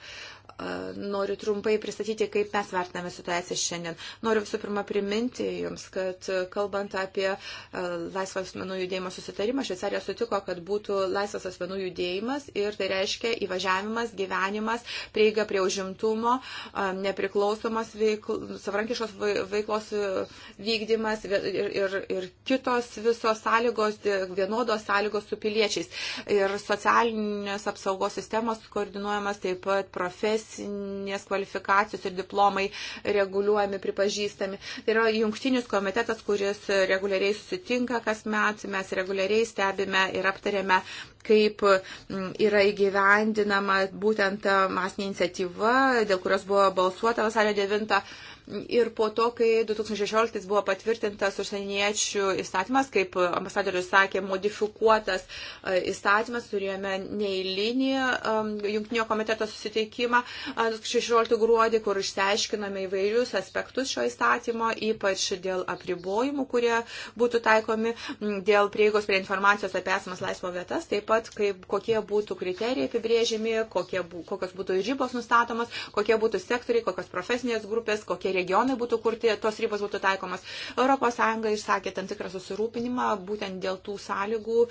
S2: Noriu trumpai pristatyti, kaip mes vertiname situaciją šiandien. Noriu visų pirma priminti Jums, kad kalbant apie laisvą asmenų judėjimo susitarimą, Šveicarija sutiko, kad būtų laisvas asmenų judėjimas ir tai reiškia įvažiavimas, gyvenimas, prieiga prie užimtumo, nepriklausomas veikl, savrankiškos veiklos e, vykdymas ir, ir, ir kitos visos sąlygos, vienodos sąlygos su piliečiais. Ir socialinės apsaugos sistemos koordinuojamas taip pat profesijos profesinės kvalifikacijos ir diplomai reguliuojami, pripažįstami. Tai yra jungtinis komitetas, kuris reguliariai susitinka kasmet, mes reguliariai stebime ir aptarėme, kaip mm, yra įgyvendinama būtent masinė iniciatyva, dėl kurios buvo balsuota vasario 9. Ir po to, kai 2016 buvo patvirtintas užsieniečių įstatymas, kaip ambasadorius sakė, modifikuotas e, įstatymas, turėjome neįlinį um, jungtinio komiteto susitikimą 2016 gruodį, kur išsiaiškiname įvairius aspektus šio įstatymo, ypač dėl apribojimų, kurie būtų taikomi, dėl prieigos prie informacijos apie esamas laisvo vietas, taip pat kaip, kokie būtų kriterijai apibrėžimi, kokie, kokios būtų ribos nustatomas, kokie būtų sektoriai, kokios profesinės grupės, kokie regionai būtų kurti, tos ribos būtų taikomas. ES išsakė tam tikrą susirūpinimą būtent dėl tų sąlygų,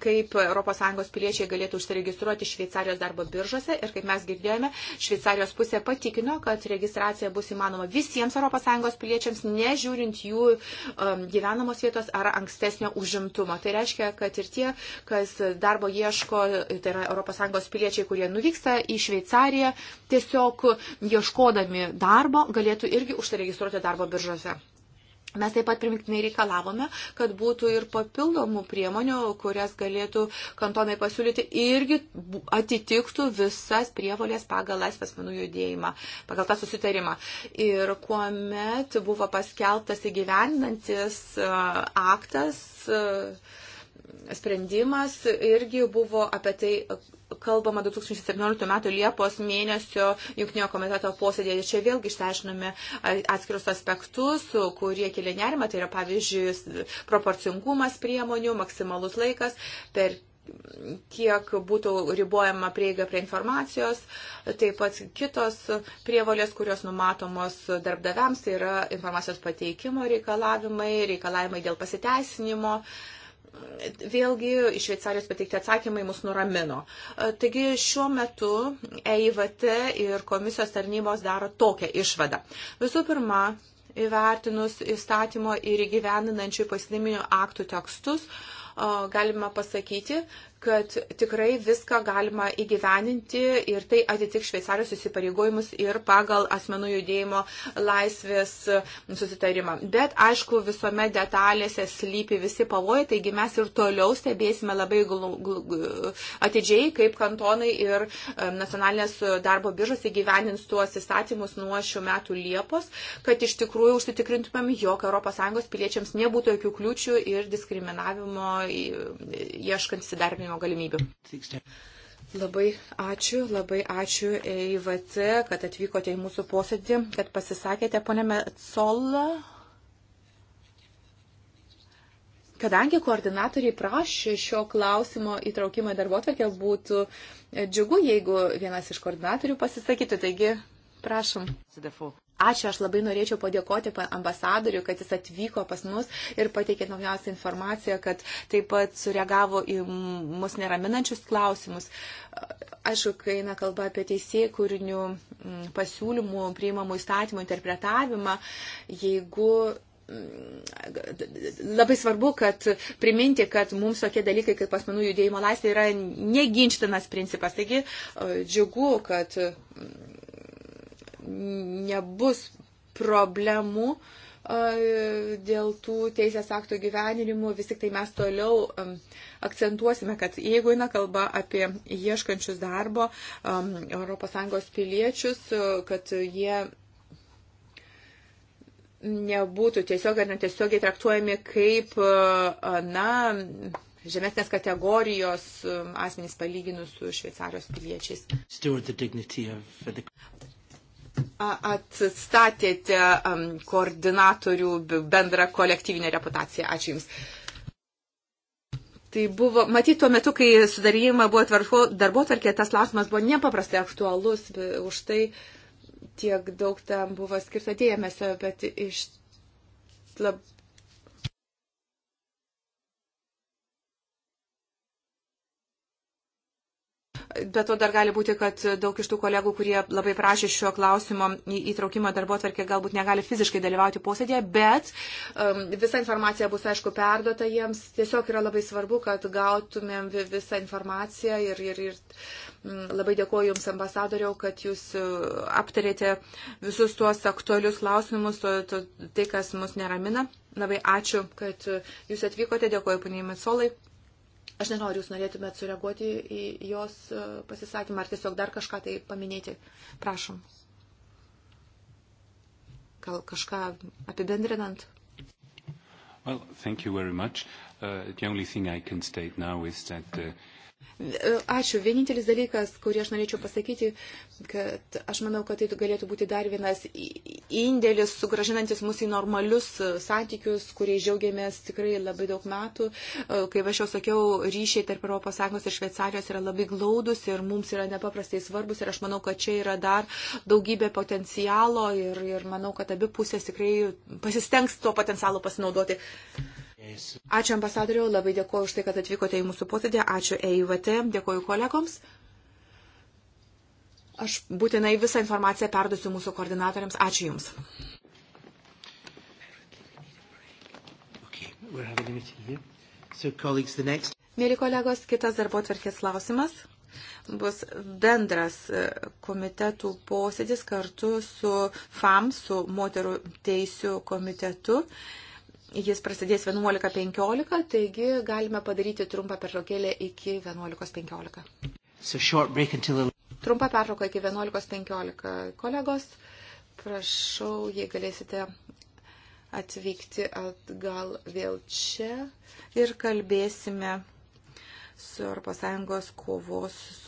S2: kaip ES piliečiai galėtų užsiregistruoti Šveicarijos darbo biržose ir kaip mes girdėjome, Šveicarijos pusė patikino, kad registracija bus įmanoma visiems ES piliečiams, nežiūrint jų um, gyvenamos vietos ar ankstesnio užimtumo. Tai reiškia, kad ir tie, kas darbo ieško, tai yra ES piliečiai, kurie nuvyksta į Šveicariją, tiesiog ieškodami darbo galėtų irgi užsiregistruoti darbo biržose. Mes taip pat primiktinai reikalavome, kad būtų ir papildomų priemonių, kurias galėtų kantonai pasiūlyti, irgi atitiktų visas prievolės pagal laisvės menų judėjimą, pagal tą susitarimą. Ir kuomet buvo paskeltas įgyvendinantis e, aktas, e, sprendimas irgi buvo apie tai kalbama 2017 m. Liepos mėnesio jungtinio komiteto posėdėje. Čia vėlgi išteišiname atskirus aspektus, kurie kelia nerimą. Tai yra, pavyzdžiui, proporcingumas priemonių, maksimalus laikas, per kiek būtų ribojama prieiga prie informacijos, taip pat kitos prievolės, kurios numatomos darbdaviams, tai yra informacijos pateikimo reikalavimai, reikalavimai dėl pasiteisinimo. Uh, vėlgi iš Šveicarijos pateikti atsakymai mus nuramino. E, taigi šiuo metu EIVT ir komisijos tarnybos daro tokią išvadą. Visų pirma, įvertinus įstatymo ir įgyvendinančių pasidaiminių aktų tekstus, e, galima pasakyti, kad tikrai viską galima įgyveninti ir tai atitik Šveicarijos įsipareigojimus ir pagal asmenų judėjimo laisvės susitarimą. Bet aišku, visome detalėse slypi visi pavojai, taigi mes ir toliau stebėsime labai atidžiai, kaip kantonai ir nacionalinės darbo biržos įgyvenins tuos įstatymus nuo šių metų Liepos, kad iš tikrųjų užsitikrintumėm, jog ES piliečiams nebūtų jokių kliūčių ir diskriminavimo ieškant įsidarbinimo gyvenimo galimybių. Labai ačiū, labai ačiū EIVT, kad atvykote į mūsų posėdį, kad pasisakėte, ponė Metsola. Kadangi koordinatoriai prašė šio klausimo įtraukimą į darbo atvarkę, būtų džiugu, jeigu vienas iš koordinatorių pasisakytų. Taigi, Prašom. Ačiū, aš labai norėčiau padėkoti ambasadoriu, kad jis atvyko pas mus ir pateikė naujausią informaciją, kad taip pat sureagavo į mus neraminančius klausimus. Aišku, kai eina kalba apie teisėjų kūrinių pasiūlymų, priimamų įstatymų interpretavimą, jeigu labai svarbu, kad priminti, kad mums tokie dalykai kaip asmenų judėjimo laisvė yra neginčtinas principas. Taigi džiugu, kad nebus problemų dėl tų teisės aktų gyveninimų, vis tik tai mes toliau akcentuosime, kad jeigu eina kalba apie ieškančius darbo ES piliečius, kad jie nebūtų tiesiog ar netiesiogiai traktuojami kaip, na, žemesnės kategorijos asmenys palyginus su šveicarijos piliečiais atstatėte koordinatorių bendrą kolektyvinę reputaciją. Ačiū Jums. Tai buvo, matyt, tuo metu, kai sudarymą buvo tvarko, darbo tvarkė, tas klausimas buvo nepaprastai aktualus, už tai tiek daug tam buvo skirta dėmesio, bet iš lab, Bet to dar gali būti, kad daug iš tų kolegų, kurie labai prašė šio klausimo įtraukimo darbo atvarkė, galbūt negali fiziškai dalyvauti posėdėje, bet um, visa informacija bus, aišku, perduota jiems. Tiesiog yra labai svarbu, kad gautumėm visą informaciją ir, ir, ir mm, labai dėkuoju Jums, ambasadoriau, kad Jūs uh, aptarėte visus tuos aktualius klausimus, to, to, tai, kas mus neramina. Labai ačiū, kad uh, Jūs atvykote, dėkuoju, paniai Metsolai. Aš nenoriu, jūs norėtumėt sureaguoti į jos e, pasisakymą ar tiesiog dar kažką tai paminėti. Prašom. Gal kažką apibendrinant?
S1: Well, thank you very much. Uh, the only thing I can state now is that uh,
S2: Ačiū. Vienintelis dalykas, kurį aš norėčiau pasakyti, kad aš manau, kad tai galėtų būti dar vienas indėlis, sugražinantis mus į normalius e, santykius, kuriais džiaugiamės tikrai labai daug metų. E, kaip aš jau sakiau, ryšiai tarp ES ir Šveicarijos yra labai glaudus ir mums yra nepaprastai svarbus ir aš manau, kad čia yra dar daugybė potencialo ir, ir manau, kad abi pusės tikrai pasistengs tuo potencialu pasinaudoti. Ačiū ambasadoriau, labai dėkuoju už tai, kad atvykote į mūsų posėdį, ačiū EIVT, dėkuoju kolegoms. Aš būtinai visą informaciją perduosiu mūsų koordinatoriams. Ačiū Jums.
S1: Okay, so, next...
S2: Mėly kolegos, kitas darbo tvarkės klausimas bus bendras e, komitetų posėdis kartu su FAM, su moterų teisų komitetu. Jis prasidės 11.15, taigi galime padaryti trumpą pertraukėlę iki 11.15.
S1: So until...
S2: Trumpa pertrauka iki 11.15. Kolegos, prašau, jei galėsite atvykti atgal vėl čia ir kalbėsime su ES kovos